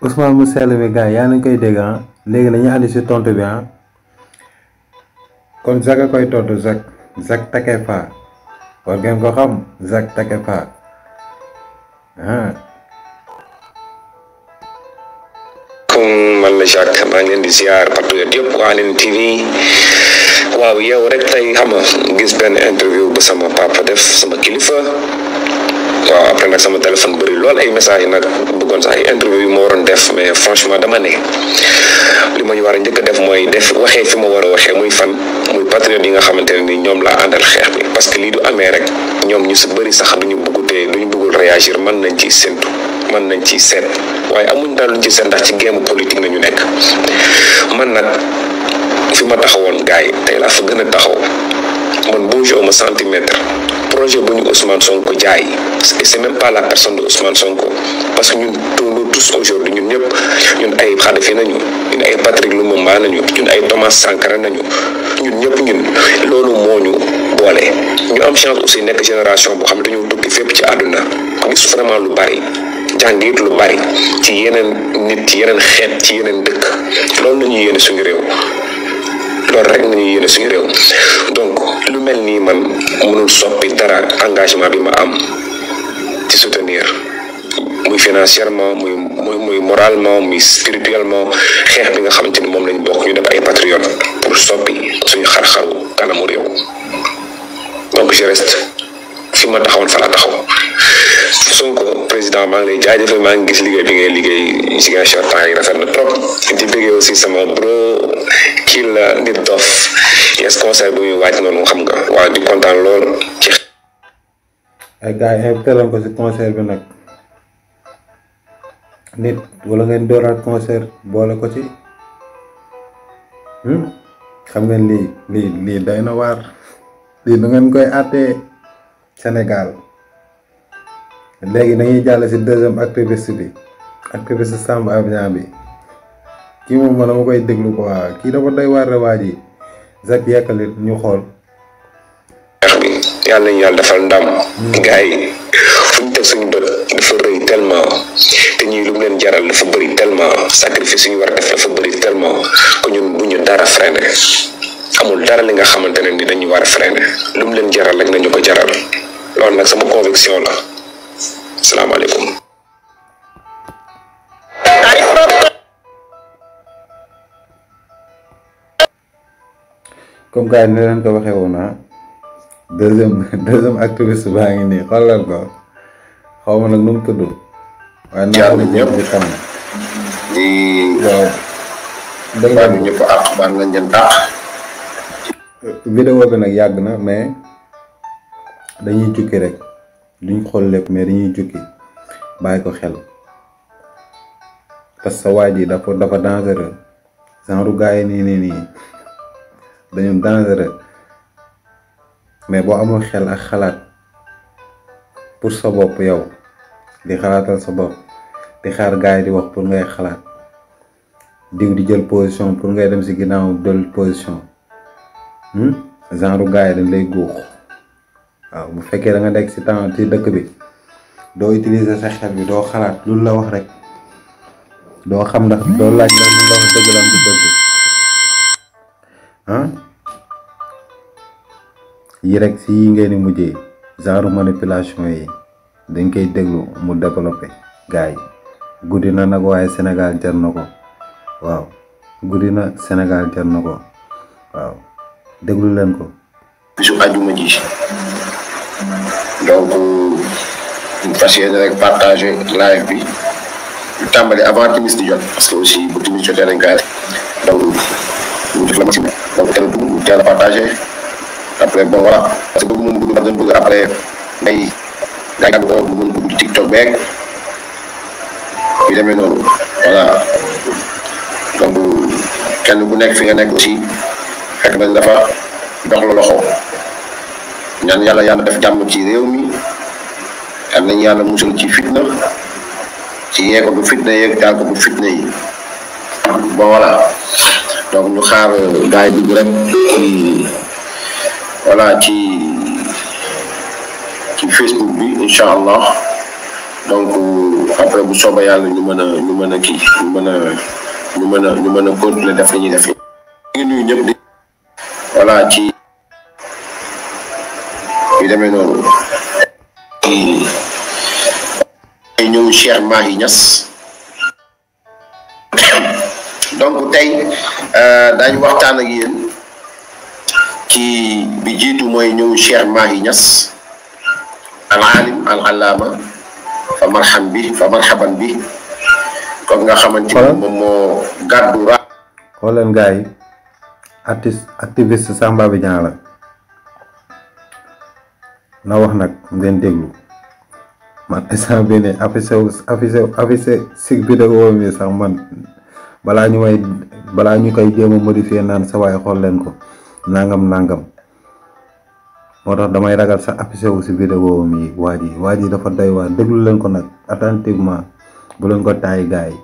B: Ousmane mu sell bi gars yi yaa nañ koy dégg léegi la ñu xam ne si tontu bi ah kon Zaka koy tontu Zak Zak Takefa war ngeen ko xam Zak Takefa
E: ah.
K: man la Jacques maa ngi leen di ziar patriote yëpp waa Aline TV waaw yow rek tey xam nga gis benn interview bu sama papa def sama kilifa. waaw après nag sama téléphone bëri lool ay message nag bëggoon sax ay interview yi ma waroon def mais franchement dama ne li ma ñu war a njëkk def mooy def waxee fi ma war a waxee muy fan muy patriote yi nga xamante ne ni ñoom laa àndal xeex bi parce que lii du amee rek ñoom ñu si bëri sax duñu bëggutee duñu buggul réagir man nañ ciy séntu mën nañ ciy seet waaye amuñ daal luñ ci seet ndax ci géemu politique nañu nekk man nag fi ma taxawoon gars yi tey laa fa gën a taxaw man bougé ma centimètre projet bu ñu Ousmane ko jaay et c'est même pas la personne de Ousmane Sonko parce que ñun tolloo tous aujourd'hui ñun ñëpp ñun ay Khadafi nañu ñun ay Patrick Lumumba nañu ñun ay Thomas Sankara nañu ñun ñëpp ñun loolu moo ñu boole ñu am chance aussi nekk génération boo xam ne dañoo tukki fépp ci àdduna gis vraiment lu bari jàngit lu bari ci yeneen nit ci yeneen xeet ci yeneen dëkk loolu la ñuy suñu réew rek nañuy yéene suñu réew donc mel nii man mënul soppi dara engagement bi ma am ci soutenir muy financièrement muy muy muy moralement muy spirituellement xeex bi nga xamante ni moom lañ bokk ñu def ay patriote pour soppi suñu xar-xaru kanamu réew donc je reste fi ma taxawoon fa la taxaw président maa ngi lay jaajëfal maa ngi gis liggéey bi ngay liggéey Ziguinchor temps yi rafet na trop di bëggee aussi sama bro kii la nit dof
E: yes conseil xam nga waaw di kontaan lool ci
B: ay gars yi xeeb ko si bi nag nit wala ngeen dooraat concert boole ko ci hmm? xam ngeen lii lii lii day na waar lii nu ngeen koy àttee Sénégal léegi dañuy jàll si deuxième activiste bi activiste Samba Abdian bi kii moom ma dama koy déglu ko waa kii dafa doy waar waa ji zap yekkali ñu xool
K: yàlla nañ yàlla defal ndam hmm. gars yi fu ñu teg suñu bët dafa rëy tellement te ñuy lu leen jaral dafa bëri tellement sacrifice yu ñu war a def dafa bëri tellement ko ñun bu ñu dara freiné amul dara li nga xamante ne ni dañu war a freiné lu mu leen jaral rek nañu ko jaral loolu nag sama conviction la
E: asalaamaaleykum.
B: comme gars yi ni leen ko waxee woon ah, deuxième [laughs] deuxième baa ngi nii xoolal ko xaw ma nag nu mu tudd. waaye naa ne ñëpp di xam.
C: di. waaw. dëgg la ñëpp àq baal nañ leen
B: àq. nag yàgg na mais. dañuy jukki rek duñ xool lépp mais dañuy jukki bàyyi ko xel parce que sa waay ji dafa dafa dangereux genre gars yi nii nii nii dañu dangereux mais boo amul xel ak xalaat pour sa bopp yow di xalaatal sa bopp di xaar gars yi di wax pour ngay xalaat diw di jël position pour ngay dem si ginnaaw dol position hmm? genre gars yi dañ lay góox waaw bu fekkee da nga nekk si temps ci dëkk bi doo utiliser sa xel bi doo xalaat lu la wax rek doo xam ndax doo laaj ndax lu la wax dëgg la am dëgg ah yi rek si yi ngeen di mujjee genre manipulation yi dañ koy déglu mu developpe gars guddi na nag waaye Sénégal jar na ko waaw guddi na Sénégal jar na ko waaw déglu leen ko.
C: su àjjuma ji. donc fas yéene rek partager live bi lu tàmbali avant timis di jot parce que aussi bu timis jotee nañ koy donc ñu def la maximum donc teel a teel a partagé après bon voilà parce noonu donc kenn bu nekk fi nga nekk aussi fekk nañ dafa dox la loxo. ñaan yàlla yàlla def jàmm ci réew mi am nañ yàlla musal ci fitna ci yee ko bu fitna yeeg yaa ko bu fitna yi bon voilà donc ñu xaar gars yi rek ci ci ci Facebook bi incha allah donc après bu sooba yàlla ñu mën a ñu mën a kii ñu mën a ñu mën a mën a continuer def li ñuy def ci yu demee noonu ay ñëw Cheikh Mahi Niass dañ waxtaan ak yéen ci bi jiitu mooy Cheikh Mahi al alim al alama, fa marham bi fa marhaban bi kon nga xamante ni moom moo ra
B: artiste activiste sax na wax nag ngeen déglu man instant bii nii affiché si vidéo bi sax man balaa ñu may balaa ñu koy jéem a modifier naan sa waay xool leen ko nangam nangam moo tax damay ragal sax affiché wu si vidéo mi waa ji dafa doy waar déglu leen ko nag attentivement bu leen taay gars yi.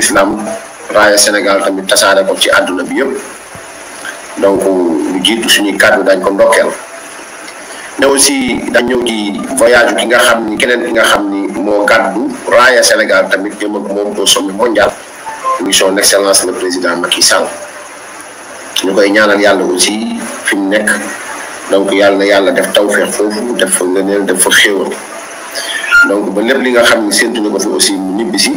C: islam raaya Sénégal tamit tasaare ko ci àdduna bi yëpp. donc lu jiitu suñuy kàddu dañ ko ndokkeel ne aussi dañ ñëw ci voyage ki nga xam ni keneen ki nga xam ni moo gàddu raaya Sénégal tamit jëm moom au sommet mondial muy son excellence le président Macky Sall ñu koy ñaanal yàlla aussi fi mu nekk donc yàlla na yàlla def tawfeex foofu def fa ngëneel def fa xéewal donc ba lépp li nga xam ni séntu na ko fi aussi mu ñibbisi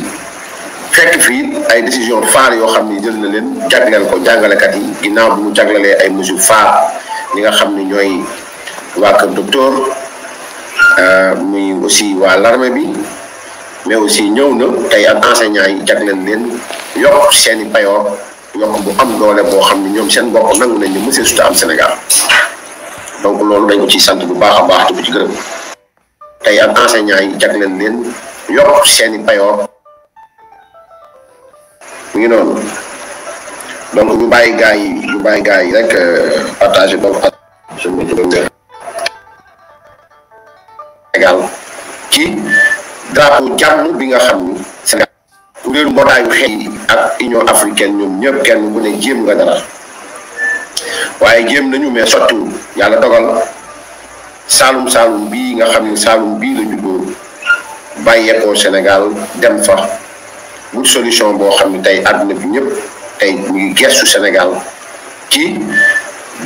C: fekk fii ay décision phare yoo xam ni jël na leen jagleel ko jàngalekat yi ginnaaw bu mu ay mesures phare ñi nga xam ni ñooy waa kër docteur euh, muy aussi waa l'armée bi mais aussi ñëw na tey am enseignants yi jagleel leen yokk seen i payoor yokk bu am doole boo xam ni ñoom seen bopp nangu nañ ni monsieur suta am Sénégal donc loolu dañ ci sant bu baax a baax di ko ci gërëm tey am enseignants yi jagleel leen yokk seen i payoor mu ngi noonu donc ñu bàyyi gaa yi ñu bàyyi gars yi rek euh, partagé donc Sénégal ci drapeau jàmm bi nga xam ni Sénégal kuréelu mbootaayu xeet Union africaine ñoom ñëpp kenn bu ne jéem nga dara waaye jéem nañu mais sottiwul yàlla dogal saalum saalum bii nga xam ni saalum bii la juddoo bàyyeekoo Sénégal dem fa wut solution boo xam ne tey àdduna bi ñëpp tey ñuy gestu Sénégal ci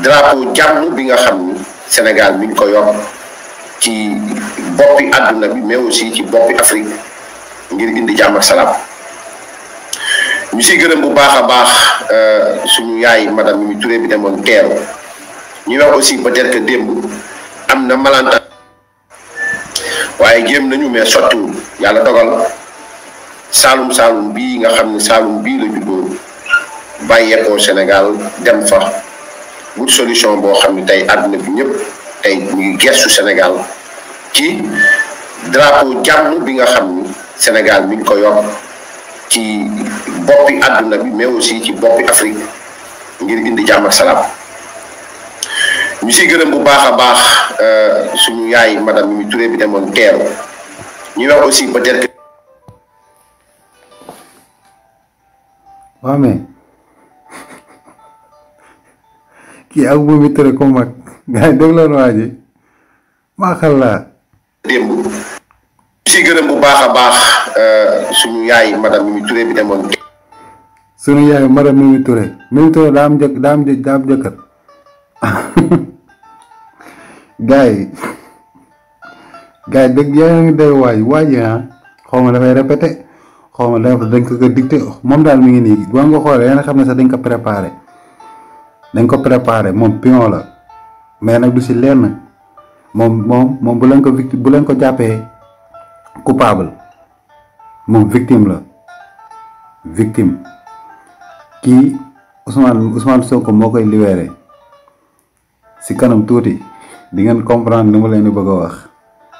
C: drapeau jàmm bi nga xam ni Sénégal mi ngi ko yor ci boppi àdduna bi mais aussi ci boppi Afrique ngir indi jàmm ak salaam ñu siy gërëm bu baax a baax euh, suñu yaay madame mi Touré bi demoon teeru ñu wax aussi peut-être que démb am na malanta waaye jéem nañu mais sottiwul yàlla dogal saalum saalum bii nga xam ne saalum bii la juddoo bàyyeekoo Sénégal dem fa wut solution boo xam ne tey àdduna bi ñëpp tey ñu ngi gestu Sénégal ci drapeau jàmm bi nga xam ni Sénégal mi ngi ko yor ci boppi àdduna bi mais aussi ci boppi Afrique ngir indi jàmm ak salaam ñu bu baax a baax euh, suñu yaay madame Mimi Touré bi demoon teeru ñu wax aussi peut
B: Mame, [laughs] kii ak boobu tere ko mag gars yi déglu woon waa ji maaxallaa
C: démb si gërëm bu baax a baax euh, suñu yaay madame Mimi Touré bi demoon
B: suñu yaay daa am jëkk daa jëkkër [laughs] gars yi dëgg yaa ngi day waaj waaj ah xaw ma dafay répété xawma dafa dañ ko dikté mom dal mi ngi ni bo nga xolé yéen xam ne sax dañ ko préparer dañ ko préparer mom pion la mais nak du ci lenn mom mom mom bu leen ko victime bu leen ko jappé coupable mom victime la victime ki Ousmane Ousmane Sonko mo koy libéré ci kanam touti di ngeen comprendre ni mu leen bëgg wax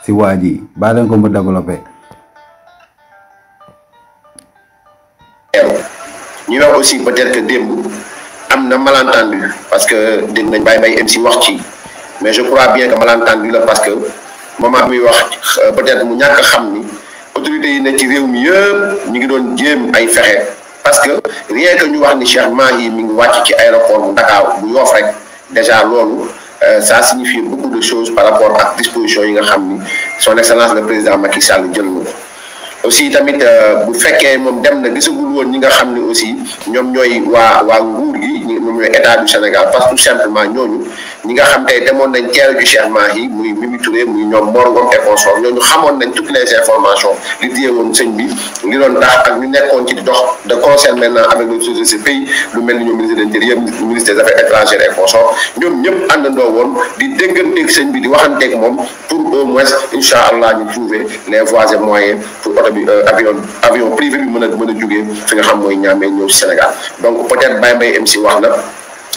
B: ci waji ba baa leen ko mu développer
E: ñu
C: wax aussi peut-être que démb am na malentendu parce que dem nañ bay bay MC wax ci mais je crois bien que malentendu la parce que moment bi wax euh, peut-être mu ñàkk xam ni autorité yi ne ci réew mi yëpp ñu ngi doon jéem ay fexe parce que rien que ñu wax ni Cheikh Mahi mi ngi wàcc ci aéroport bu Dakar bu yoof rek déjà loolu euh, ça signifie beaucoup de choses par rapport ak disposition yi nga xam ni son excellence le président Macky Sall jël na ko aussi tamit euh, bu fekkee moom dem na gisagul woon ñi nga xam ne aussi ñoom ñooy waa waa nguur gi ñoom ñooy état du Sénégal parce que tout simplement ñooñu ñi nga xam tey demoon nañ teel ju chèrement yi muy Mimi Touré muy ñoom Mor Ngom et consorts ñooñu xamoon nañ toutes les informations li téye woon sëñ bi li doon tax ak ñu nekkoon ci dox de concert maintenant avec les choses de ce pays lu mel ñoom de l'intérieur ministre des affaires étrangères et ñëpp àndandoo woon di dégganteeg sëñ bi di waxanteeg moom pour au moins incha allah ñu trouver les voies abi euh, avion avion privé bi mën a a jógee fi nga xam mooy ñaamee ñëw Sénégal donc peut-être Baye Mbaye MC wax na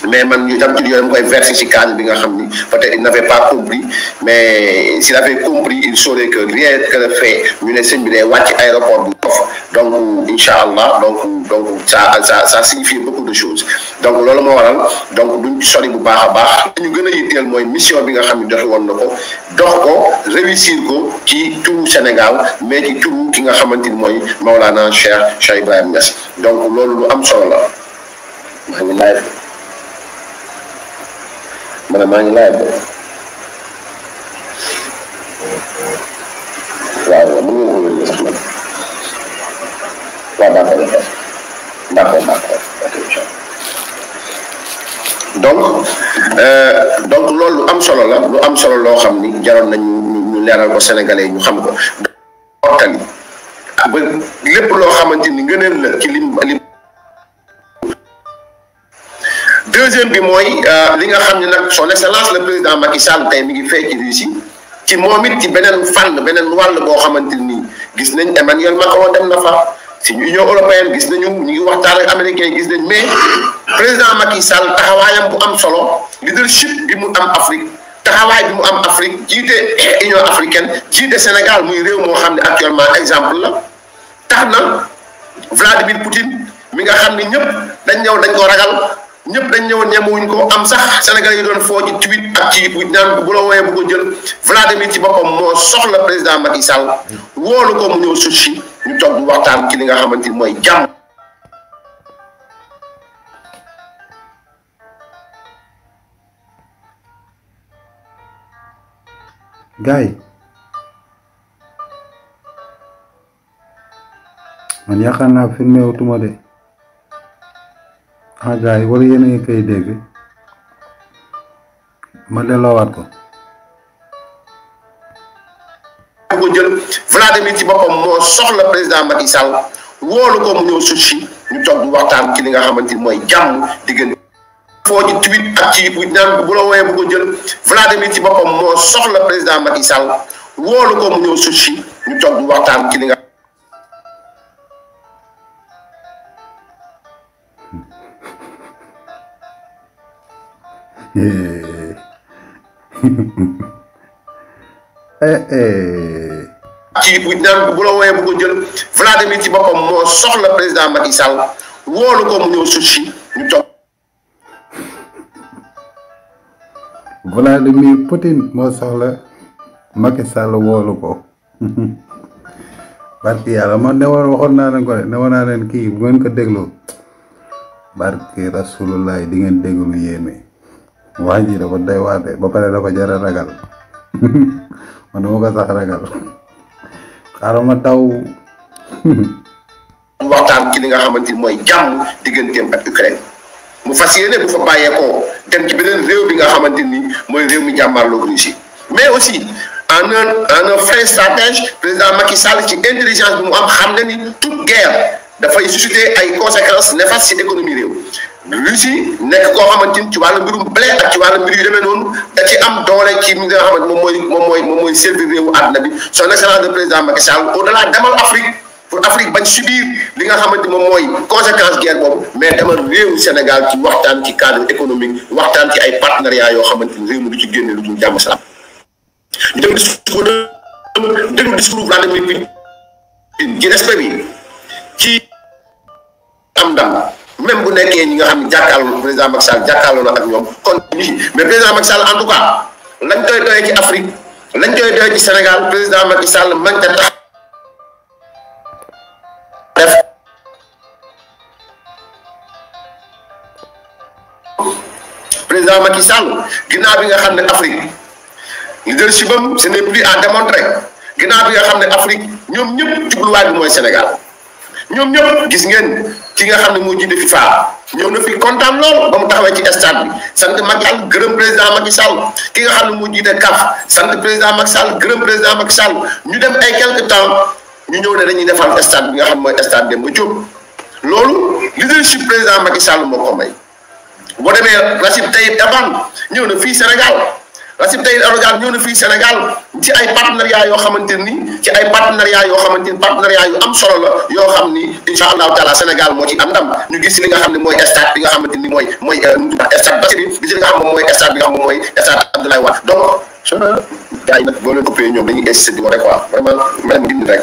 C: mais man ñu tam ci yooyu koy versé ci kaan bi nga xam ni peut-être il n'avait pas compris mais s'il avait compris il saurait que rien que le fait ñu ne sëñ bi day wàcc aéroport bu Yoff donc incha allah donc donc ça ça ça signifie beaucoup de choses donc loolu moo waral donc duñ sori bu baax a baax dañu gën a yitteel mooy mission bi xam ni doxi na ko dox ko ci turu Sénégal mais ci ki nga xamante ni mooy Maolana Cheikh Cheikh Ibrahim Niass loolu lu am solo la మన mind lab వాళ్ళు
K: ముందు వెళ్ళిస్తున్నారు
C: మాట్లాడతారు మాట్లాడు మాట్లాడు donc euh, donc loolu lu am solo la lu am solo loo xam ni jaroon nañ ñu leeral ko sénégalais ñu xam ko. mottali lépp loo xamante ni ngëneel la ci lim lim. deuxième bi mooy euh, li nga xam ne nag son excellence la président Macky Sall tey mi ngi fee ci si ci moom it ci beneen fànn beneen wàll boo xamante nii gis nañ Emmanuel Macron dem na fa si Union européenne gis nañu ñu ngi waxtaan ak américain gis nañ mais président Macky Sall taxawaayam bu am solo leadership bi mu am Afrique taxawaay bi mu am Afrique jiite Union africaine jiite Sénégal muy réew moo xam ne actuellement exemple la tax na Vladimir Poutine mi nga xam ne ñëpp dañ ñëw dañ ko ragal. ñëpp dañ ñëwoon ñemewuñ ko am sax sénégalais yi doon foo ci tweet ak ci bu naan bu la wooyee bu ko jël vladimir ci boppam moo soxla président Macky Sall woolu ko mu ñëw sushi ñu toog waxtaan ci li nga xamante ni mooy jàmm
B: gaay man yaakaar naa filmé de ah gars yi wala yéen a ngi koy dégg ma delloowaat ko.
E: ko jël Vladimir
C: ci boppam moo soxla président Macky Sall woolu ko mu ñëw suuf si ñu toog di waxtaan ci li nga xamante ni mooy jàmm foo ci tweet ak ci bu naan bu la wooyee bu ko jël Vladimir ci boppam moo soxla président Macky Sall woolu ko mu ñëw suuf ñu toog di waxtaan ci li nga.
E: ci eh.
D: [laughs] eh, eh.
E: bu
C: naan bu la wooyee bu ko jël Vladimir ci boppam moo soxla président Macky woolu ko mu ñëw suuf si ñu toog.
B: Poutine moo soxla Macky woolu ko. [laughs] barke yàlla man ne war naa leen ko naa leen kii bu ngeen ko déglu barke rasulullahi di ngeen déglu yéeme. waaji dafa day waate
A: ba pare dafa jara ragal
E: [laughs]
A: man [laughs] [laughs] dama ko sax ragal
B: xaaral ma daw ci li nga xamanteni moy mooy
E: jàmm ak Ukraine mu fas yéene bu fa ko dem ci benen réew bi nga xamanteni moy
C: mooy réew mi jàmmarloog ci mais aussi en un en un vrai stratège président Macky Sall ci intelligence bu mu am xam ni toute guerre dafay susciter ay conséquences néfastes ci économie réew Russie nekk koo xamante ni ci wàllu mbirum blé ak ci wàllu mbir yu demee noonu da ci am doole ci mi moom mooy moom mooy moom mooy servir réewu àdduna bi son excellence le président Macky Sall au delà demal Afrique pour Afrique bañ subir li nga xamante moom mooy conséquence guerre boobu mais demal réewu Sénégal ci waxtaan ci cadre économique waxtaan ci ay partenariat yoo xamante ni réew mi du ci génne lu dul jàmm salaam ñu dem discours dem discours Vladimir Poutine ci respect bi ci am ndam même bu nekkee ñi nga xam ne jàkkaarloo président Macky Sall jàkkaarloo na ak ñoom kon lii mais président Macky Sall en tout cas lañ koy doyee ci Afrique lañ koy doyee ci Sénégal président Macky Sall mën ca tax def président Macky Sall ginnaaw bi nga xam ne Afrique leadership am ce n'est plus à démontrer ginnaaw bi nga xam ne Afrique ñoom ñëpp jubluwaay bi mooy Sénégal ñoom ñëpp gis ngeen ki nga xam ne moo jiite FIFA ñëw na fi kontaan lool ba mu taxawee ci stade bi sant Macky Sall gërëm président Macky Sall ki nga xam ne moo jiite CAF sant président Macky Sall gërëm président Macky Sall ñu dem ay quelque temps ñu ñëw ne dañuy defal stade bi nga xam mooy stade Demba Diop loolu li leadership président Macky Sall moo ko may boo demee Recep Tayyip Erdogan ñëw na fii Sénégal. Recep Tayyip Erdogan ñëw na fii Sénégal ci ay partenariat yoo xamante ni ci ay partenariat yoo xamante ni partenariat yu am solo la yoo xam ni incha allahu taala Sénégal moo ci am ndam ñu gis li nga xam ne mooy stade bi nga xamante ni mooy mooy euh, stade Bassirou bi gis li nga xam moom mooy stade bi nga xam moom mooy stade Abdoulaye Wade donc gars yi nag boo leen coupé ñoom dañuy insisté di ko rek quoi vraiment même gindi rek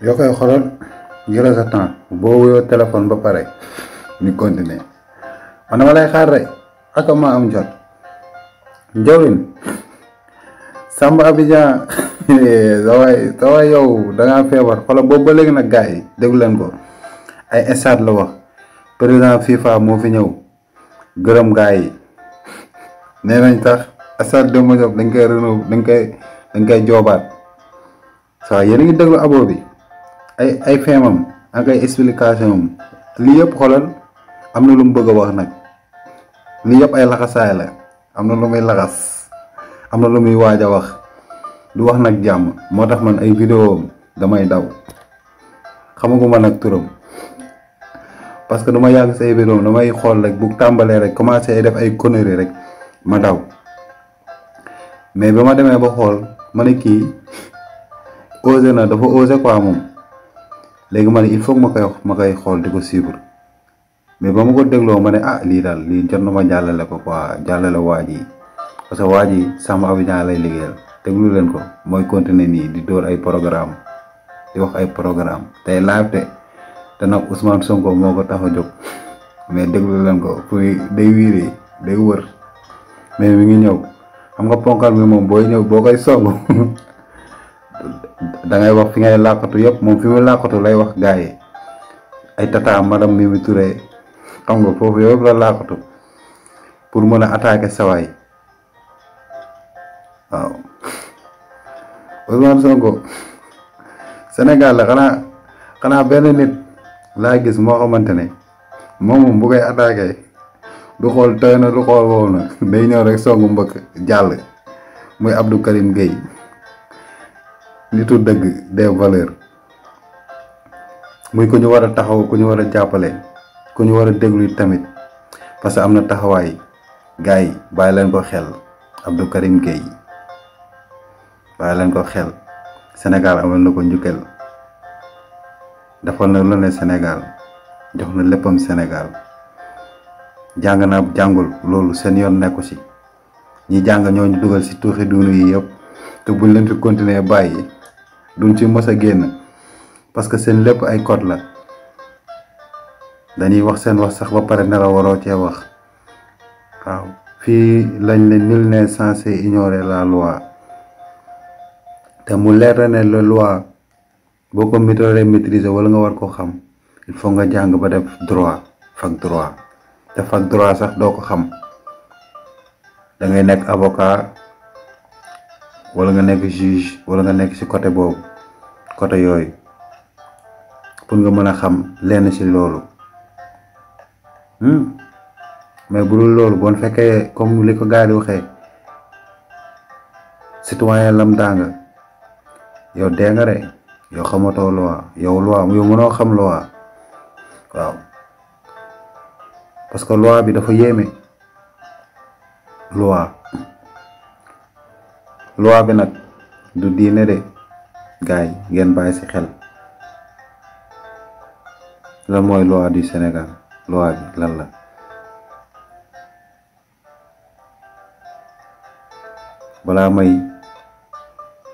B: yoo koy xoolal jëlal sa temps boo wuyoo téléphone ba pare ñu continuer man dama lay xaar rek ak ma am jot njawrin Samba Abidjan [laughs] sawaay sawaay yow danga ngaa feebar xoolal boobu ba léegi nag gars yi déglu leen ko ay stade la wax président FIFA moo fi ñëw gërëm gars nee nañ sax stade Demba Diop dañ koy renouveler koy dañ koy joobaat saa yéen a ngi déglu abo bi ay ay feemam ak explication lii yëpp xoolal. am na lu mu bëgg a wax nag li yëpp ay laxasaay la am na lu muy laxas am na lu muy waaj a wax du wax nag jàmm moo tax man ay vidéo damay daw xamaguma nag turam parce que du ma yàgg say vidéo damay xool rek bu tàmbalee rek commencé def ay conneries rek ma daw mais ba ma demee ba xool ma ne kii osé na dafa osé quoi moom léegi ma ne il faut ma kay ma koy xool di ko suivre mais ba ma ko dégloo ma ne a ah, lii daal lii jot na ma jàllale ko quoi jàllale waa ji parce que waa ji Sàmm Abidjan lay liggéeyal déglu leen ko mooy continuer nii di dóor ay programme di wax ay programme tey live te te nag Ousmane moo ko tax a jóg [laughs] mais déglu leen ko kuy day wiiri day wër mais mi ngi ñëw xam nga ponkal bi moom booy ñëw boo koy song [laughs] da ngay wax fi làqatu yëpp moom fi mu làqatu lay wax gars yi ay tata madame Mimi Touré xam nga foofu yow la laaxatu pour mën a attaquer sawaay waaw Ousmane Sonko Sénégal la xanaa xanaa benn nit laa gis moo xamante ne moom bu koy attaqué du xool tooy na du xool wow na day ñëw rek songu mbëkk jàll muy Abdou Karim Gueye nitu dëgg des valeurs muy ku ñu war a taxaw ku ñu war a jàppale ku ñu war a déglu tamit parce que am na taxawaay gars yi bàyyi leen ko xel Abdou Karim Gueye bàyyi leen ko xel Sénégal amal na ko njukkal defal na lu ne Sénégal jox na léppam Sénégal jàng naa jàngul loolu seen yoon nekku ci ñi jàng ñoo ñu dugal ci tuuxi dund yi yëpp te buñ leen fi continuer bàyyi duñ ci mës a génn parce que seen lépp ay code la. dañuy wax seen wax sax ba pare ne la waroo cee wax waaw fii lañ ne nul n'est censé ignorer la loi te mu leer ne loi boo ko mitrole maîtriser wala nga war ko xam il foog nga jàng ba def droit fac droit te fac droit sax doo ko xam dangay nekk avocat wala nga nekk wala nga nekk ci côté boobu côté yooyu pour nga mën a xam lenn si loolu Hmm. mais bu dul loolu bon fekkee comme li ko gars yi waxee citoyen lambda nga yow dee nga de yow loi yow loi yow mënoo xam loi waaw parce que loi bi dafa yéeme loi loi bi nag du diine de gars yi ngeen bàyyi xel lan mooy loi du Sénégal loi bi lan la balaa may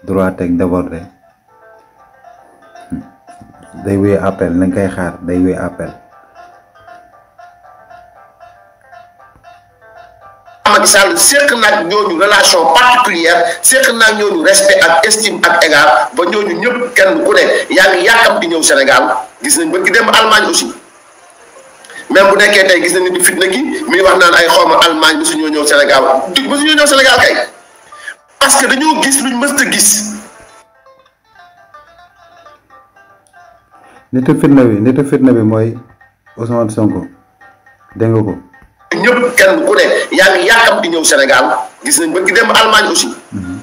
B: droit teg débordé day wéy appel nañ koy xaar day wéy appel
C: Macky Sall séq nag ñooñu relation particulière séq nag ñooñu respect ak estime ak égard ba ñooñu ñëpp kenn ku ne yaa ngi yàkkam di ñëw Sénégal gis nañ ba dem Allemagne aussi même bu nekkee tey gis nañu ni fitna gi mi wax naan ay xawma Allemagne ba suñoo ñëw Sénégal ba suñoo ñëw Sénégal kay
E: parce que dañoo gis luñ mës a gis.
B: nit a fitna bi bi mooy Ousmane Sonko dégg nga
C: kenn ku ne yaa ngi yàkkam di ñëw Sénégal gis nañ ba ki dem Allemagne aussi. Mhm.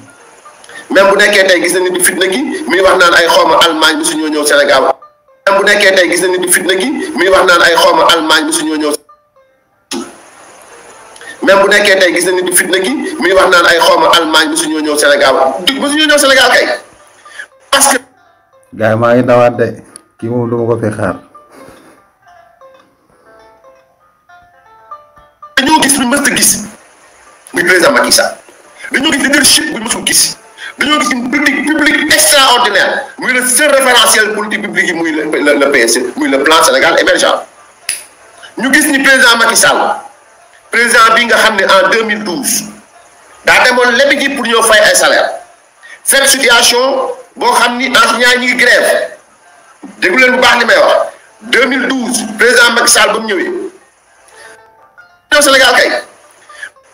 C: même bu nekkee tey gis nañu ni fitna gi mi wax naan ay xawma Allemagne ba suñoo ñëw Sénégal. même bu nekkee tey gis nañu ni fitna gi muy wax naan ay xawma Allemagne mosu ñoo ñëw. même bu nekkee tey gis nañu ni fitna gi muy wax naan ay xawma Allemagne mosu ñoo ñëw Sénégal mosu ñoo ñëw Sénégal kay parce que.
B: gars maa ngi dawaat de kii moom du ma ko fee xaar.
C: dañoo gis lu mës a gis muy président Macky Sall dañoo gis leadership bu mësul gis. dañoo gis une politique publique extraordinaire muy le seul référentiel politique publique yi muy le le PS muy le plan Sénégal émergent ñu gis ni président Macky Sall président bi nga xam ne en 2012 daa demoon lépp ji pour ñoo fay ay salaire cette situation boo xam ni enseignants ñi ngi grève déglu leen bu baax li may wax 2012 président Macky Sall ba mu ñëwee ñëw Sénégal kay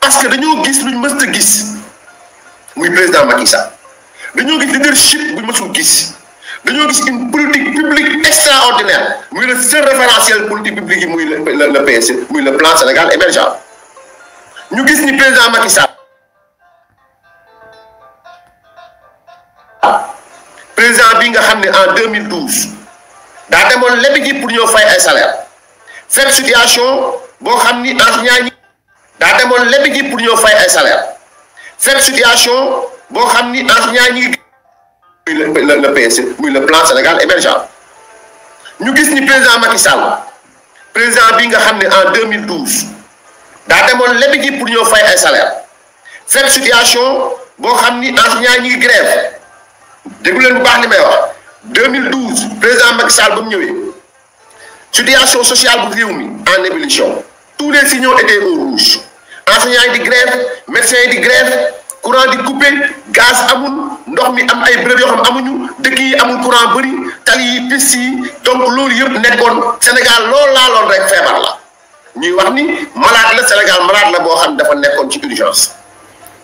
C: parce que dañoo gis luñ mës a gis muy président Macky dañoo gis leadership bu ñu mësul gis dañoo gis une politique publique extraordinaire muy le seul référentiel politique publique yi muy le le PS muy le plan Sénégal émergent ñu gis ni président Macky président bi nga xam ne en 2012 daa demoon lépp ji pour ñoo fay ay salaire fekk boo xam ni enseignants yi daa demoon lépp gi pour ñoo fay ay salaire fekk situation. boo xam ni entre ñaar ñi muy le le Sénégal émergent ñu gis ni président Macky président bi nga xam ne en 2012 daa demoon lépp ji pour ñoo fay ay salaire cette situation boo xam ni entre ñaar ñi grève déglu leen bu baax li may wax 2012 président Macky Sall ba mu ñëwee situation sociale bu réew mi en ébullition tous les signaux étaient au rouge enseignants yi di grève médecins di grève courant di coupé gaz amul ndox mi am ay bërepp yo xam amuñu dëkk yi amul courant bari tali yi piste yi donc loolu yëpp nekkoon sénégal lool la lool rek feebar la ñuy wax ni malade la sénégal malade la boo xam dafa nekkoon ci urgence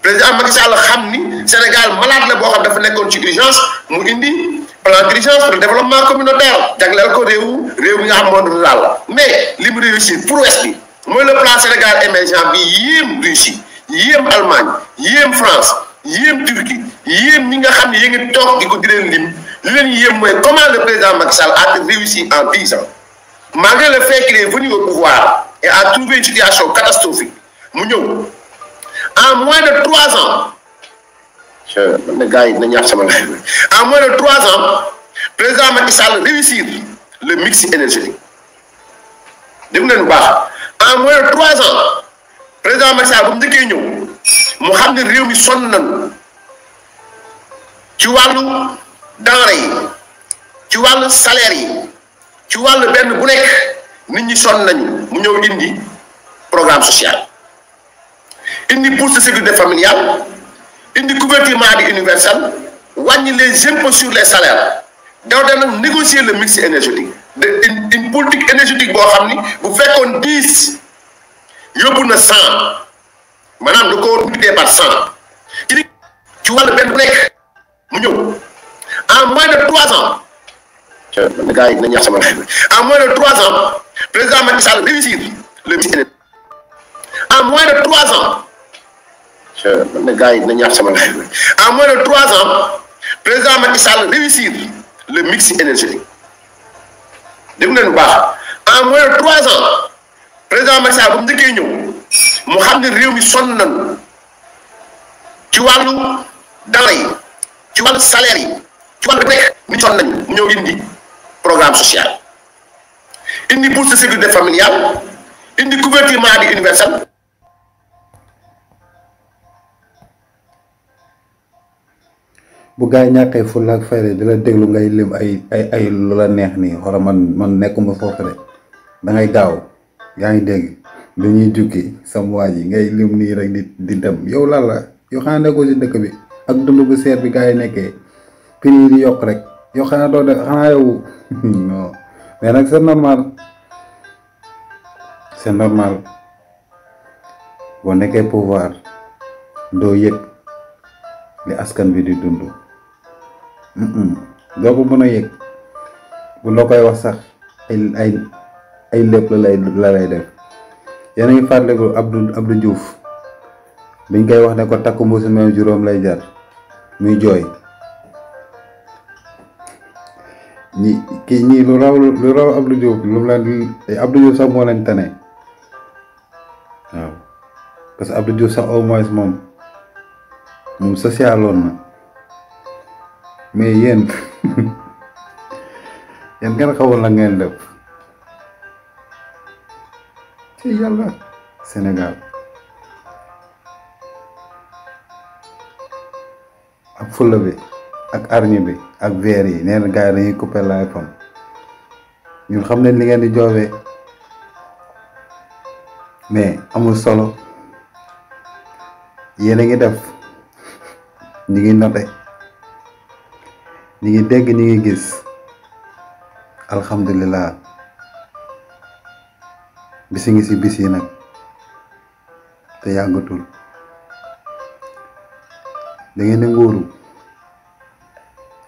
C: président Macky Sall xam ni sénégal malade la boo xam dafa nekkoon ci urgence mu indi plan d'urgence pour développement communautaire jagleel ko réewu réew mi nga xam moom rural la mais li mu réussir prouesse bi mooy le plan sénégal émergent bi yéem réussir yéem Allemagne yéem France
D: yéem Turquie
C: yéem ñi nga xam ne yéen ngi toog di ko di leen lim li leen yéem mooy comment le président Macky Sall a réussi en 10 ans malgré le fait qu'il est venu au pouvoir et a trouvé une situation catastrophique mu en moins de 3 ans man en moins de 3 ans président Macky Sall réussir le mix énergétique dégg leen bu baax en moins de 3 ans président Macha bu ndike ñew mu xamni réew mi son nañu ci walu dara yi ci walu salaire yi ci walu benn bu nekk nit ñi son nañu mu ñew indi programme social indi bourse de sécurité familiale indi couverture maladie universelle wàññi les impôts sur les salaires daw dem nak négocier le mix énergétique de une politique énergétique bo xamni bu fekkoon 10 yóbbu na cent maanaam da ko multiplié par cent ci le wàllu benn en moins de trois ans gars en moins de trois ans président Macky Sall réussir le en moins de trois ans gars en moins de trois ans président Macky Sall réussir le mix énergétique dégg ngeen bu en moins de trois ans président Macky Sall bu mu njëkkee ñëw mu xamni réew mi son nañ ci walu dala yi ci walu salaire yi ci walu rek mi son nañ mu ñëw indi programme social indi bourse de sécurité familiale indi couverture maladie universelle
B: bu gaay ñàkkee fu ak fayre di la déglu ngay lim ay ay ay lu la neex nii xoolal man man nekkuma foofu de da ngay gaaw yaa deg dégg dañuy jukki sam waaji ngay lim nii rek di di dem yow lan la yow xana ko ci dëkk bi ak dund bu seer bi gaay nekké nekkee di yok rek yow xana do def xana yow [laughs] non mais nak c'est normal c'est normal bo nekké pouvoir do yek li askan bi di dund do ko mëna a bu lokay wax sax ay ay ay lepp la lay la lay def yene ngi fatale ko Abdou Abdou Diouf biñ koy wax ne ko takku mbuusu meew juróom lay jar muy joy ni ki ni lu raw lu raw Abdou Diouf lu leen Abdou Diouf sax mo lañ tane waaw parce que Abdou Diouf sax au moins mom moom socialoon na mais yéen [laughs] yéen ngeen xawul la ngeen def
E: te
D: yàlla
B: Sénégal ak fulla bi ak arñi bi ak veer yi nee na yi dañuy coupé laay xam nañ li ngeen di joobee mais amul solo yéen a ngi def ñi ngi note ñi ngi dégg ñi ngi gis alhamdulilah bisi ngi si bisi nak, te yàggatul da ngeen leh, guru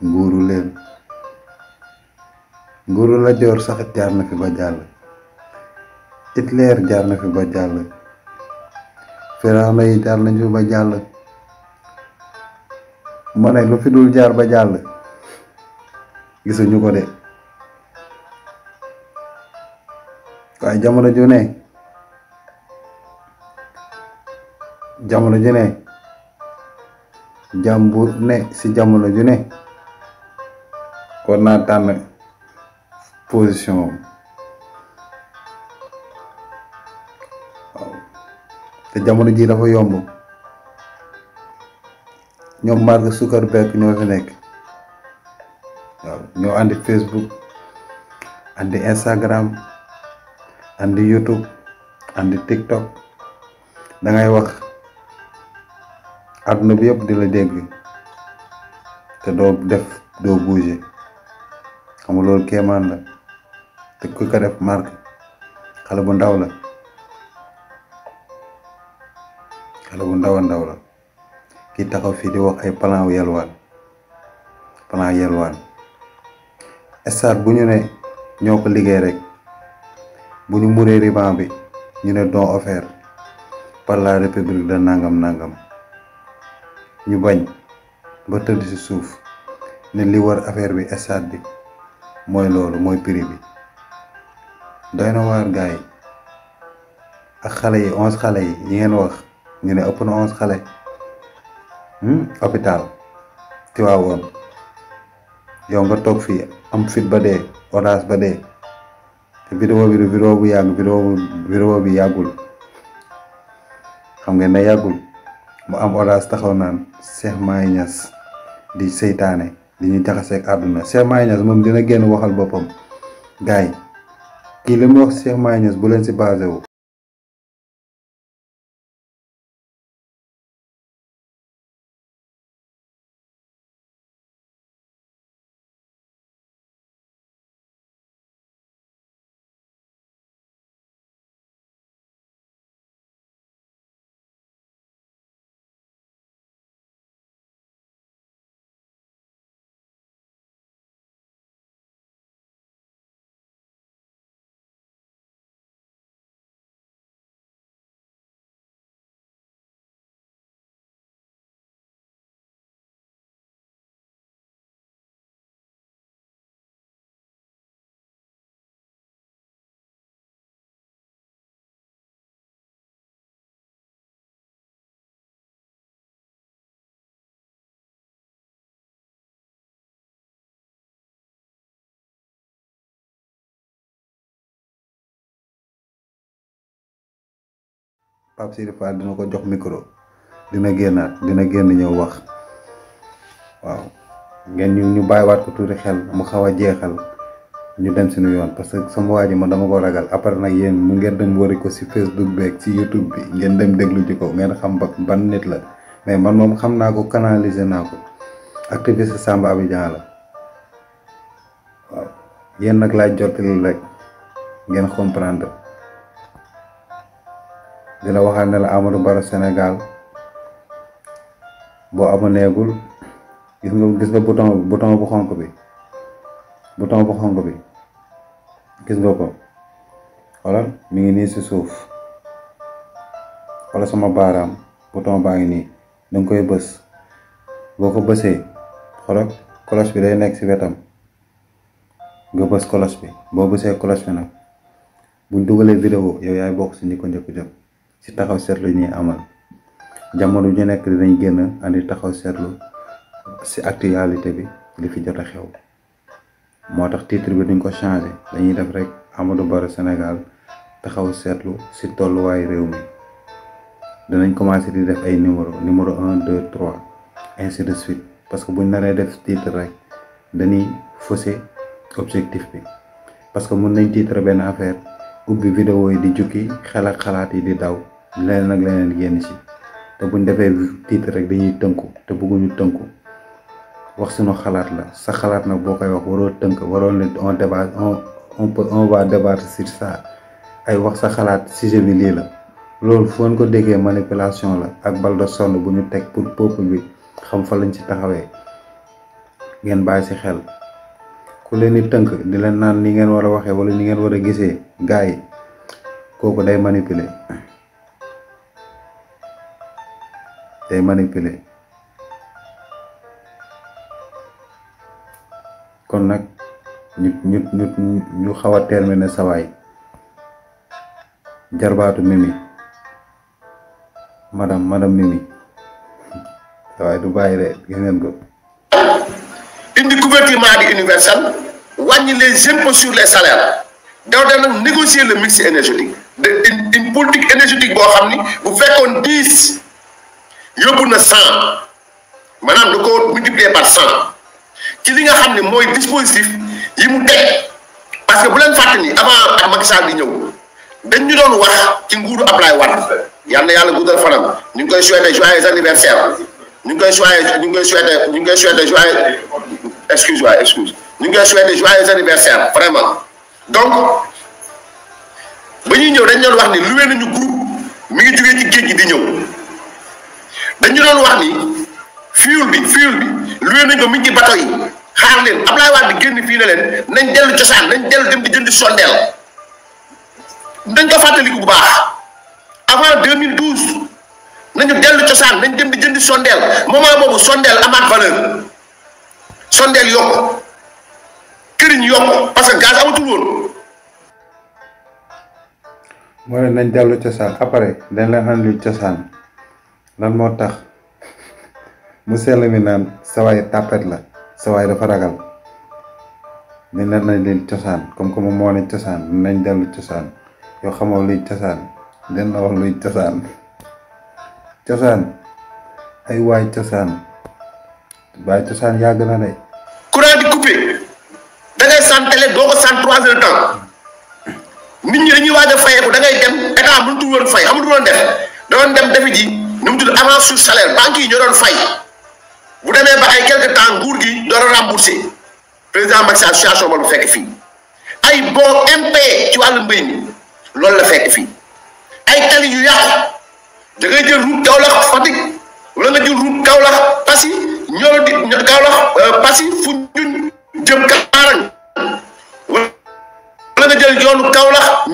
B: nguuru leen la jor sax jaar na fi ba jàll Hitler jaar na fi ba jall Firawna yi jaar nañu ba jall ma ne lu fi dul jaar ba jall gisuñu ko de waaye jamono ju ne jamono ju ne jàmm bu si jamono ju ne war naa tànn position te jamono ji dafa yomb ñoom Mark Zuckerberg ñoo fi nekk waaw ñoo andi Facebook andi Instagram andi youtube andi tiktok da ngay wax aduna bi yëpp di deg te do def do bouger xam loolu kéemaan la te ku ka def mark xala bu ndaw la xala bu ndaw ndaw la ki taxaw fi di wax ay plan wu yelwaan plan yelwaan estar bu ne ñoko liggey rek bu ñu muree ruban bi ñu ne don offert par la république de nangam nangam ñu bañ ba tëdd ci suuf ne li war affaire bi stade bi mooy loolu mooy prix bi doy na waar gars yi xale yi onze xale yi yi ngeen wax ñu ne ëpp na xale hmm? hôpital Tiwaawoon yow nga toog fii am fit ba dee orange ba dee te vidéo bi bu yàgg vidéo vidéo bi yàggul xam nga ne yàggul mu am audace taxaw naan Cheikh Mahi di seytaane di ñu jaxaseeg àdduna Cheikh Mahi Niass moom dina génn
E: waxal boppam gaay yi kii li mu wax Cheikh Mahi Niass bu leen si basé Pape Siré Fall dina ko jox micro dina génnaat dina génn ñëw
B: wax waaw ngeen ñu ñu waat ko tuuti xel mu xaw a jeexal ñu dem suñu yoon parce que sama waa ji man dama ko ragal après nag yéen mu ngeen dem wari ko si Facebook beeg si YouTube bi ngeen dem déglu ji ko ngeen xam ba ban nit la mais man moom xam naa ko canaliser naa ko activiste Samba Abidjan la waaw yéen nag laaj jottali rek ngeen comprendre. dina waxal na la Amadou bara Sénégal bo aboneegul gis nga gis nga bouton bouton bu xonk bi bouton bu xonk bi gis nga ko wala mi ngi nii si suuf wala sama baaraam bouton baa ngi nii dang koy bës boo ko bësee xoolal cloche bi day nekk si wetam nga bës cloche bi boo bësee cloche bi nag buñ dugalee vidéo yow yaay bokk si ni ko njëkk jëm ci taxaw setlu ñi amal jamono ñu nek dinañ gën andi taxaw setlu ci actualité bi li fi jotta xew motax titre bi duñ ko changer dañuy def rek Amadou Barrow senegal taxaw setlu ci tollu way rew mi dinañ commencer di def ay numéro numéro 1 2 3 ainsi de suite parce que buñ naré def titre rek dañuy fossé objectif bi parce que mën nañ titre ben affaire ubbi vidéo yi di jukki xel ak xalaat yi di daw leneen ak leneen génn ci te buñ defee titre rek dañuy tënku te bëgguñu tënku wax suñu xalaat la sa xalaat nag boo koy wax waroo tënk waroo ne on débat on on peut on va débattre sur ay wax sa xalaat sujet bi lii la loolu foon ko déggee manipulation la ak bal de sonde bu ñu teg pour peuple bi xam fa lañ ci taxawee ngeen bàyyi ci xel ku leen di tënk di leen naan ni ngeen war a waxee wala ni ngeen war a gisee gaa yi kooku day manipuler day manipuler kon nag ñu ñu ñu ñu xaw a terminer sawaay jarbaatu mimi madame madame mimi [laughs] sawaay du bàyyi de gis ngeen ko
C: revirement bi universel wàññi les impôts sur les salaires daw de nag négocier le mix énergétique de une une politique énergétique boo xam ni bu fekkoon dix yóbbu na cent maanaam da ko multiplier part cent ci li nga xam ne mooy dispositif yi mu teg parce que bu leen fàtte ni am ak Macky Sall ñëw dañ ñu doon wax ci nguuru Ablaye Wade yal na yàlla guddal fanam ñu ngi koy souhaiter anniversaire ñu ngi koy ñu ngi koy souhaiter excuse waaye excuse ñu ngi koy souhaité joyeux anniversaire vraiment donc ba ñuy ñëw dañ doon wax ni lu we nañu groupe mi ngi jugee ci géej gi di ñëw dañu doon wax ni fuel bi fuel bi luwee nañ ko mi ngi bato yi xaar leen Ablaye Wade génn fii na leen nañ dellu cosaan nañ dellu dem di jëndi sondeel dañ ko fàttaliku bu baax avant 2012 nañu dellu cosaan nañ dem di jëndi sondeel moment boobu sondeel amaat valeur. sondeel yokk këriñ yokk parce que gaz
B: moo leen nañ dellu cosaan après dañ leen xam luy cosaan lan moo tax mu sell mi naan sawaay tàppet la sawaay dafa ragal ni leen nañ leen cosaan comme que moom moo ne cosaan nañ dellu cosaan yoo xamoo luy cosaan den la wax luy cosaan cosaan ay waay cosaan baay cosaan yàgg na de
C: courant di coupé da ngay santele doo ko sant 3h de temps nit ñi dañuy waja fayé ko da ngay dem état ñu woon fay xamutu doon def da doon dem defi ji ñu mu tud avance sur salaire banki ñu doon fay bu démé ba ay quelque temps nguur gi do ra rembourser président Macky Sall situation ba lu fekk fi ay bon MP ci walu mbéy mi loolu la fekk fi ay tali yu yaq da ngay jël route Kaolack Fatick wala nga jël route Kaolack Passy ñoo di ñoo Kaolack euh, Passy fu ñu jëm Kaarang wala nga jël yoonu Kaolack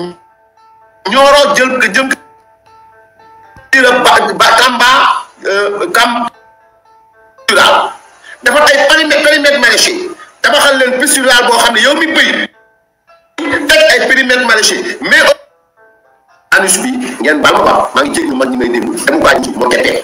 C: ñooro jël jëm dila ba euh, Kam rural dafa ay périmètre périmètre maraîcher tabaxal leen piste boo xam ne yow mi bëy teg ay périmètre maraîcher mais anus ngeen bal ma baax maa ngi jéggi ma ñi may déglu dama bàyyi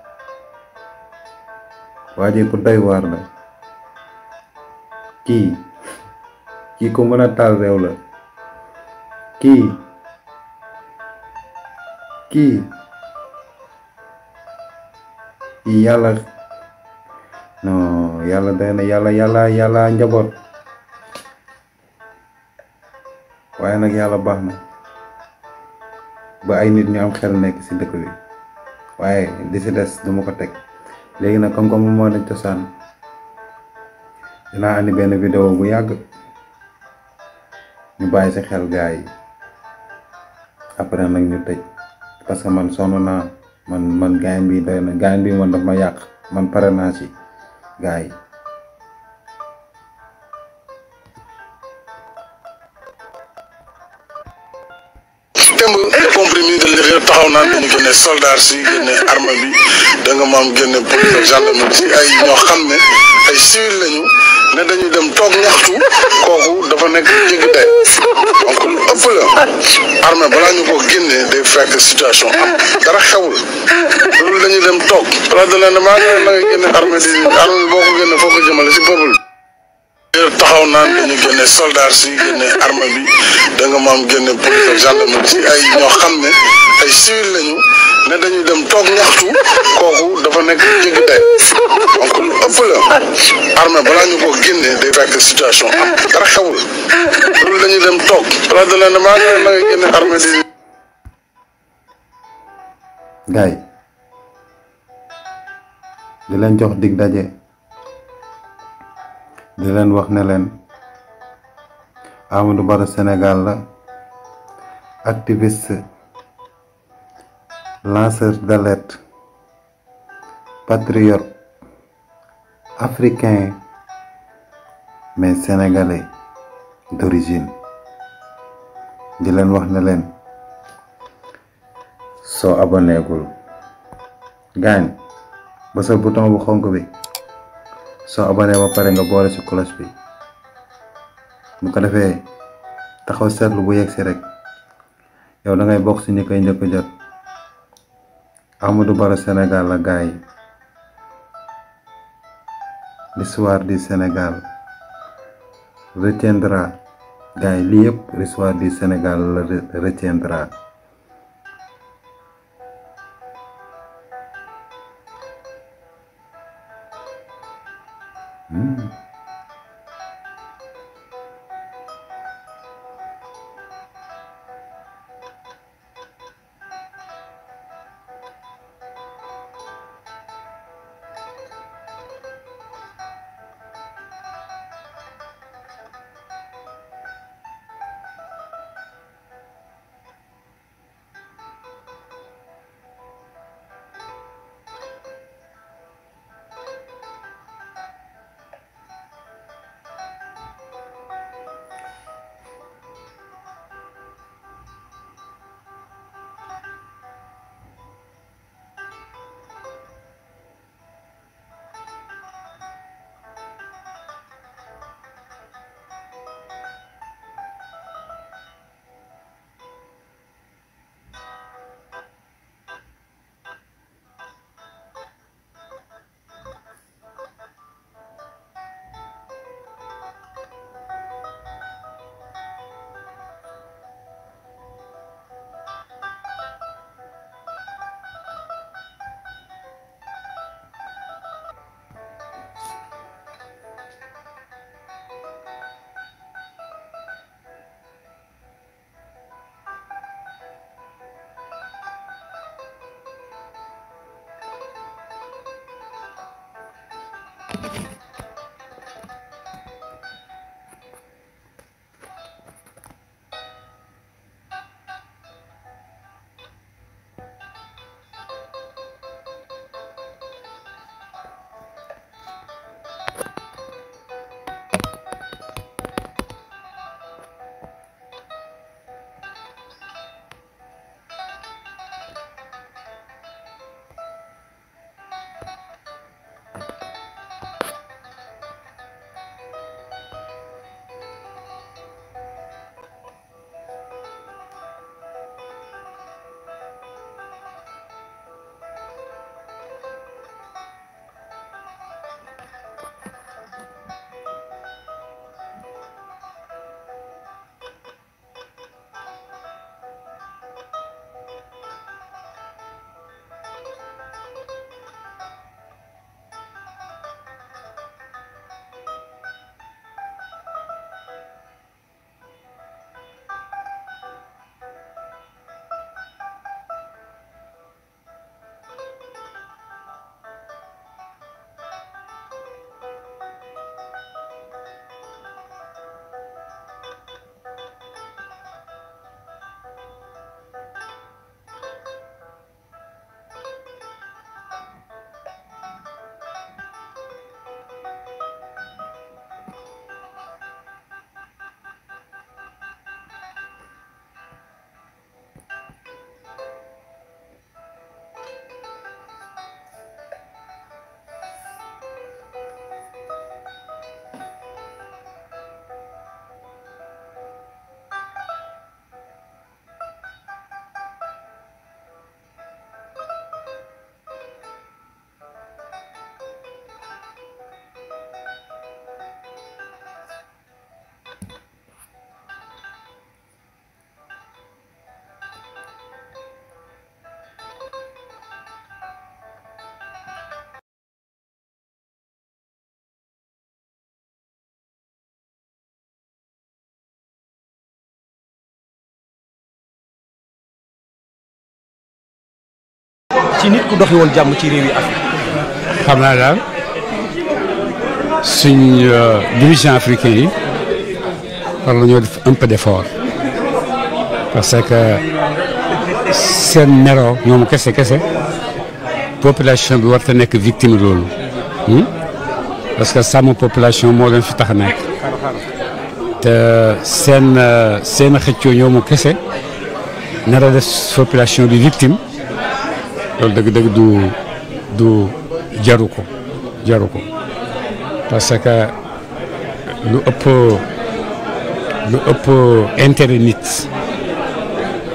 B: waa ji ku doy waar la kii kii ku mën a taal réew la kii kii yàlla non yàlla day na yàlla yàlla yàlla njaboot waaye nag yàlla baax na ba ay nit ñu am xel nekk ci dëkk bi waaye li ci des duma ko teg léegi nag comme comme moo nekk cosaan dinaa andi benn vidéo bu yàgg ñu bàyyi si xel gaa yi après nag ñu tëj parce que man sonn naa man man gaañ bi doy na gaañ bi man daf ma yàq man pare naa si gaa yi
E: génne soldat si génne arme bi da
D: nga maam génne police na si ay ñoo xam ne ay civil lañu ne dañu dem toog ñaxtu kooku dafa nekk jéggi day donc lu ëpp la armée balaa ñu ko génnee de fekk situation am dara xewul loolu dañuy dem toog place de l'indépendance maa ngi leen génne armée di armée boo ko génne foo ko jëmale si peuple taxaw naan dañu génne soldat si génne arme bi danga nga maam génne police gendarmerie si ay ñoo xam ne ay civil lañu ne dañuy dem toog ñaxtu kooku dafa nekk jéggi day donc lu ëpp la armée ñu ko génne day fekk situation dañuy dem toog balaa da leen maa ngi na nga génne armée di
C: gaay
B: di leen jox dig daje di leen wax ne leen Amadou Baro Sénégal la activiste lanceur d'alerte patriote africain mais sénégalais d'origine di leen wax ne leen soo aboneegul gaañ ba sa bu xonk bi So abane ba pare nga boole ci cloche bi bu ko defee taxaw seetlu bu yegsi rek yow da ngay bokk ci ni koy njëkk jot Amadou bara Sénégal la gaay l'histoire du Sénégal retiendra gaay li yëpp l'histoire du Sénégal la retiendra
E: ci nit ku doxi woon jàmm ci réew yi Afrique. xam naa daal suñ euh, dirigeants africain
F: yi war nañoo def un peu d'effort parce que seen meroo ñoom kese kese population bi war ta nekk victime loolu hmm? parce que sàmm population moo leen fi tax a nekk te seen euh, seen xëccoo ñoomu kese nar a def population bi victime. loolu dëgg-dëgg du du jaru ko jaru ko parce que lu ëpp lu ëpp intérêt nit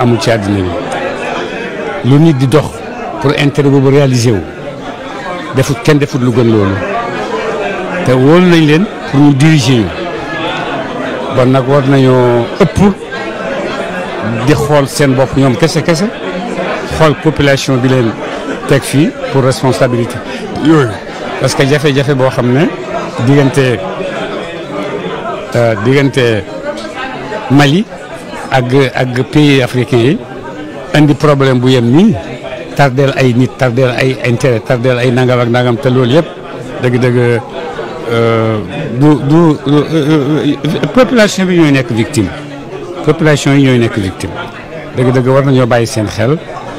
F: amul ci àddina bi lu nit di dox pour intérêt boobu réaliser wu defut kenn defut lu gën loolu te wóolu nañ leen pour ñu diriger ñu bon nag war nañoo ëpp di xool seen bopp ñoom kese kese xool population bi leen teg fii pour responsabilité yooyu parce que jafe-jafe boo xam ne diggante euh, diggante Mali ak ak pays africains yi indi problème bu yem nii tardeel ay nit tardeel ay intérêt tardeel ay nangam ak nangam te loolu yëpp dëgg-dëgg euh, du du euh, population bi ñooy nekk victime population yi ñooy nekk victime dëgg-dëgg war nañoo bàyyi seen xel.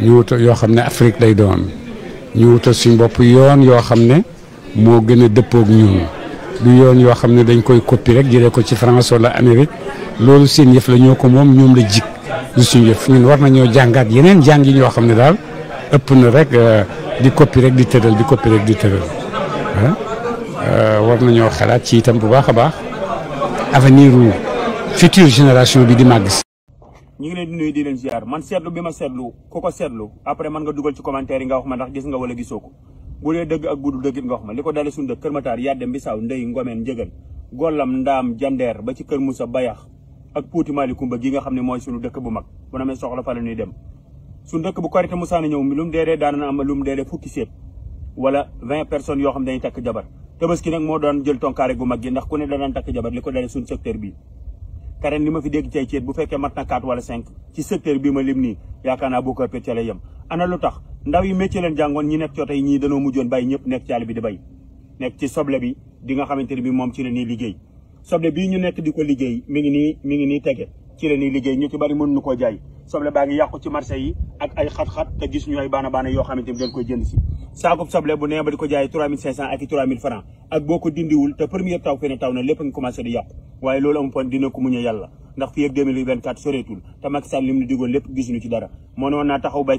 F: ñu wutal yoo xam ne Afrique lay doon ñu wutal suñ bopp yoon yoo xam ne moo gën a dëppoog ñun du yoon yoo xam ne dañ koy koppi rek jëlee ko ci France wala Amérique loolu seen yëf la ñoo ko moom ñoom la jik du suñ yëf ñun war na nañoo jàngaat yeneen jàng yi ñoo xam ne daal ëpp na rek euh, di coppi rek di tëral di coppi rek di tëral ah war nañoo xalaat ci itam bu baax a baax avenir future génération bi di màgg
L: ñi ngi lay di nuyu di len ziar man seetlu bima ma seetlu ku ko seetlu après man nga duggal ci commentaire yi nga wax ma ndax gis nga wala gisoko bu dee dëgg ak guddul dëggit nga wax ma liko dalé sun suñu dëkk Kër Matar Yadde Mbisaaw Ndey Ngomeen Njëgal golam ndam jander ba ci Kër musa Bayax ak Puuti Malikumba gi nga xamné moy sunu dëkk bu mag bu soxla fa la ñuy dem sun dëkk bu ñew mi lum dédé daana am lum dédé fukki wala 20 personnes yo xam dañuy tak jabar tabaski nak mo doon jël tonkaare gu mag gi ndax ku ne tak jabar liko dalé sun secteur bi te ren li ma fi dégg cay ceet bu fekkee mat na 4 wala 5 ci secteur bii ma lim nii yaakaar naa boo ko ëppee ca ana lu tax ndaw yi métier leen jàngoon ñi nekk cooto yi ñii danoo mujjoon bàyyi ñëpp nekk ci àll bi di bay nekk ci soble bi di nga xamante ne bi moom ci la ñuy liggéey soble bii ñu nekk di ko liggéey mi ngi nii mi ngi nii tege ci la ñuy liggéey ñu ci bari mënuñu koo jaay soble baa ngi yàqu ci marché yi ak ay xat-xat te gis ñu ay baana baana yoo xamante ni koy jënd si saakub soble bu nee ba di ko jaay 3500 ak i 3000 francs ak boo ko dindiwul te première taw fene taw na lépp a ngi commencé di yàqu waaye loolu lépp moo noon naa taxaw ba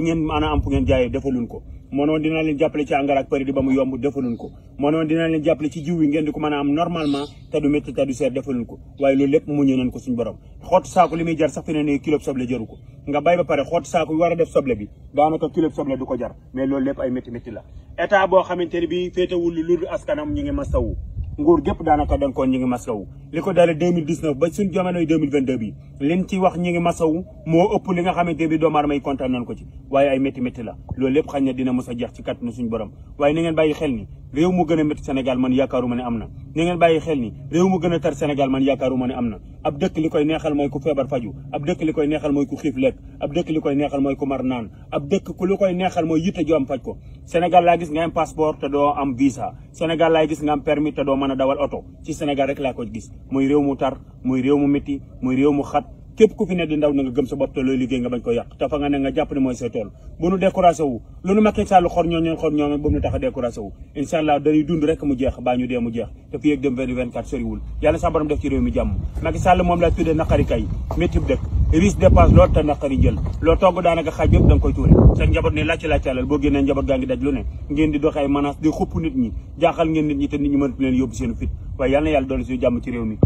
L: ngeen maanaam am fu ngeen jaayee defaluñ ko moo noon dinaa leen jàppale ci engrais ak période ba mu yomb defaluñ ko moo noon dinaa leen a am normalement te du métti te du seer defaluñ saako li muy jar sax fi kilo soble jaru ko nga bay ba pare xoot saako bi war a def soble bi daanaka kilo soble du ko jar mais loolu lépp ay métti métti la état boo xamante ne bii féetewul lu askanam ñu ngi ma sawu nguur gépp daanaka dang ko ñi ngi liko dalé 2019 ba suñu jamonoy 2022 bi lim ci wax ñi ngi masawu mo ëpp li nga xamante bi do mar may contane nan ko ci waye ay metti metti la lool lepp xañ dina mësa a jeex ci kàttanu suñu borom waye ni ngeen bayyi xel ni réew mu gëna metti métti Sénégal man yaakaaruma ne amna ni ngeen bayyi xel ni réew mu gëna tar Sénégal man yaakaaruma ne am ab dekk likoy neexal moy ku febar faju ab dekk likoy neexal moy ku xif lek ab dekk likoy neexal moy ku mar nan ab dekk ku likoy neexal moy yitte jom faj ko Sénégal la gis nga am passeport te do am visa Sénégal la gis nga am permis te mën a dawal oto ci Sénégal rek laa ko gis muy réew mu tar muy réew mu métti muy réew mu xat képp ku fi ne di ndaw na nga gëm sa bop te loy liggéey nga bañ ko yak ta fa nga ne nga japp ne moy say tol bu nu décoracé wu lu nu Macky Sall xor ñoo ñoo xor ñoo bu nu taxa décoracé wu inshallah dañuy dund rek mu jeex bañu dé mu jeex te fi yëg dem 2024 wul yalla sa borom def ci réew mi jàmm Macky Sall mom la tuddee nakari kay métti dekk risque dépasse lo ta nakari jël lo togg da naka yëpp dang koy touré sa njabot ni lacc la cyalal bo boo njabot njaboot daj lu ne ngeen di doxee menace di xupp nit ñi jaaxal ngeen nit ñi te nit ñi mënu leen yobbu seen fit waaye yalla yalla doon ci jamm ci réew mi